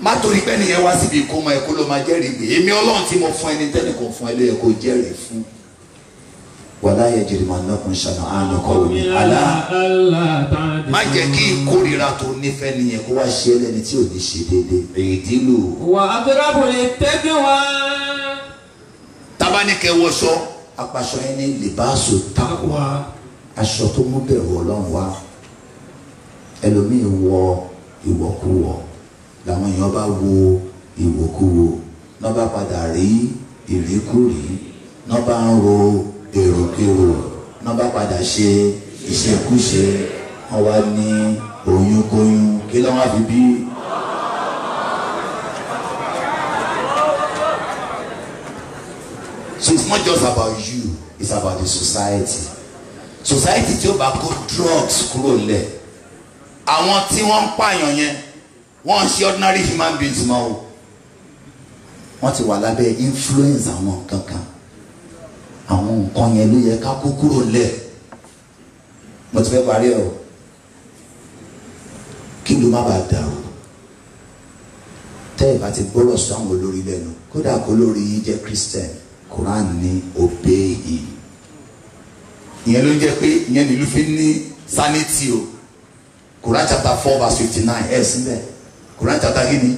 Speaker 1: má torí pé nìyẹn wá síbi ìkómọ ẹ kó ló máa jẹ́rìí pé èmi ọlọ́run tí mo fún ẹni tẹ́lẹ̀ kò fún ẹ ló yẹ kó jẹ́rìí fún wàlá yẹ jìrì máa lọkùn ṣànà àánú kọ omi alá má jẹ kí ìkórira tó nífẹ̀ẹ́ nìyẹn kó wá ṣe ẹlẹ́ni tí ò ní ṣe déédéé èyí dìlù.
Speaker 2: wà á fẹ́ràn kò lè tẹ́jú wá.
Speaker 1: tábánikẹ́ wọṣọ apaṣọ yẹn ní libaṣọ takwa aṣọ tó mú bẹ̀rù ọlọ́run wá ẹlòmíì wọ ìwọ̀kuwọ̀ làwọn èèyàn bá wo ìwọ̀kuwọ̀ náà bá padà rí ìríkúrí náà bá ń ro èròkérò náà bá padà ṣe ìṣekúṣe wọn wá ní oyúnkóyún kí ló wá fi bí. not just about you it's about the society society tí ó bá kó drugs kúrò lẹ̀ àwọn tí wọ́n ń pààyàn yẹn wọ́n ń ṣe ordinary human beings mọ́ o wọ́n ti wà lábẹ́ influence àwọn kankan àwọn nǹkan yẹn ló yẹ ká kó kúrò lẹ̀ mo ti fẹ́ parí ẹ̀ o kí ló má bàa dà o tẹ́ ẹ̀ bá ti gbọ́rọ̀ sọ àwọn olórí lẹ́nu kódà kó lórí yìí jẹ́ Christian Quran ní obey him ìyẹn ló ń jẹ́ pé ìyẹn nílùú fi ní sanity o Quran chapter four verse fifty nine ẹ̀ sílẹ̀ Quran chapter kí ni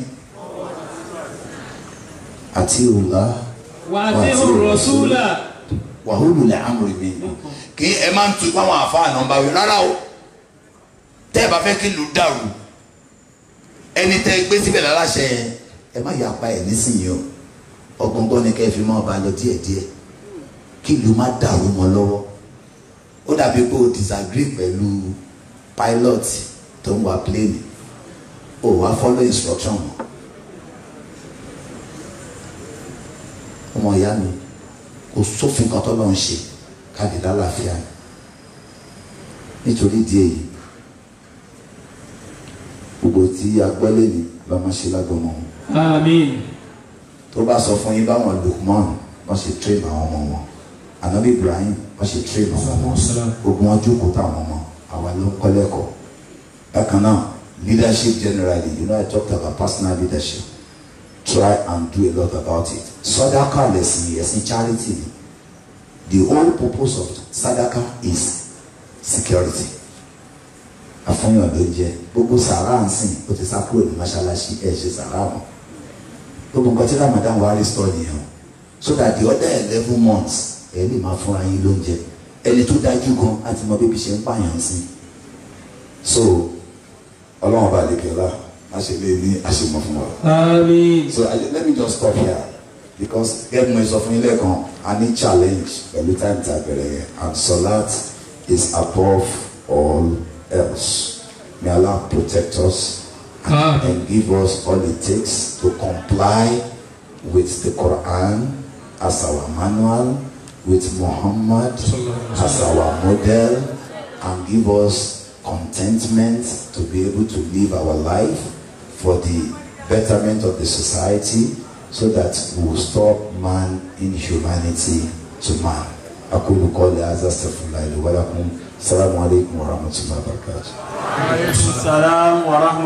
Speaker 1: àti òlá
Speaker 2: wàtí òrọ̀súlà
Speaker 1: wàhùlùlẹ̀ amúrì mi kí ẹ máa ń tu báwọn àfáà nọ́mbà wí rárá o tẹ́ ẹ bá fẹ́ kí lù dàrú ẹni tẹ́ gbé síbẹ̀ láláṣẹ ẹ má yà pa ẹ̀ nísìnyí o. ọgbọ̀ngbọ́n ni kẹ́ẹ̀ fi máa bá lọ díẹ̀díẹ̀ kí ló má dàrú mọ́ lọ́wọ́ ó dàbí pé o disagree pẹ̀lú pilot tó ń wa plane o wá follow instruction mọ́ ọmọ ìyá mi kò sófin kan tó lọ́n ṣe káàdì lálàáfíà nítorí ìdí èyí gbogbo tí agbẹ́lẹ́ ni lọ́mọ ṣe lágbọ́n mọ́. àmín tó bá sọ fún yín báwọn Lukman wọ́n ṣe train àwọn ọmọ wọn Anabi Ibrahim wọ́n ṣe train àwọn ọmọ ogun wọn jókòó táwọn ọmọ àwa ló kọ́ lẹ́kọ̀ọ́ bákan náà leadership generally you know I talked about personal leadership try and do a lot about it sadaka lẹ̀sìn ẹ̀sìn charity the whole purpose of sadaka is security àfọyàn ló jẹ gbogbo sàrà ń sìn ó ti sá kúrò ní mọ́ṣáláṣí ẹ̀ ṣe sàrà mọ́ gbogbo nǹkan tí Ramadan wà restore nìyẹn so that the other eleven months ẹ lè máa fúnra yín lóúnjẹ ẹni tó dájú gan àti mọ bébí ṣe ń pààyàn sí so ọlọ́run bá lè bẹ̀rẹ̀ a ṣe lè ní àṣemọ fún wa. àmín. so I, let me just stop here because gẹ́gẹ́ mo sọ fún yín lẹ́ẹ̀kan a ní challenge pẹ̀lú time tá a bẹ̀rẹ̀ yẹn and salat is above all else may Allah protect us. and give us all it takes to comply with the Quran as our manual, with Muhammad as our model, and give us contentment to be able to live our life for the betterment of the society so that we will stop man inhumanity to man. أقول قولي هذا
Speaker 2: استغفر الله لي ولكم السلام عليكم ورحمة الله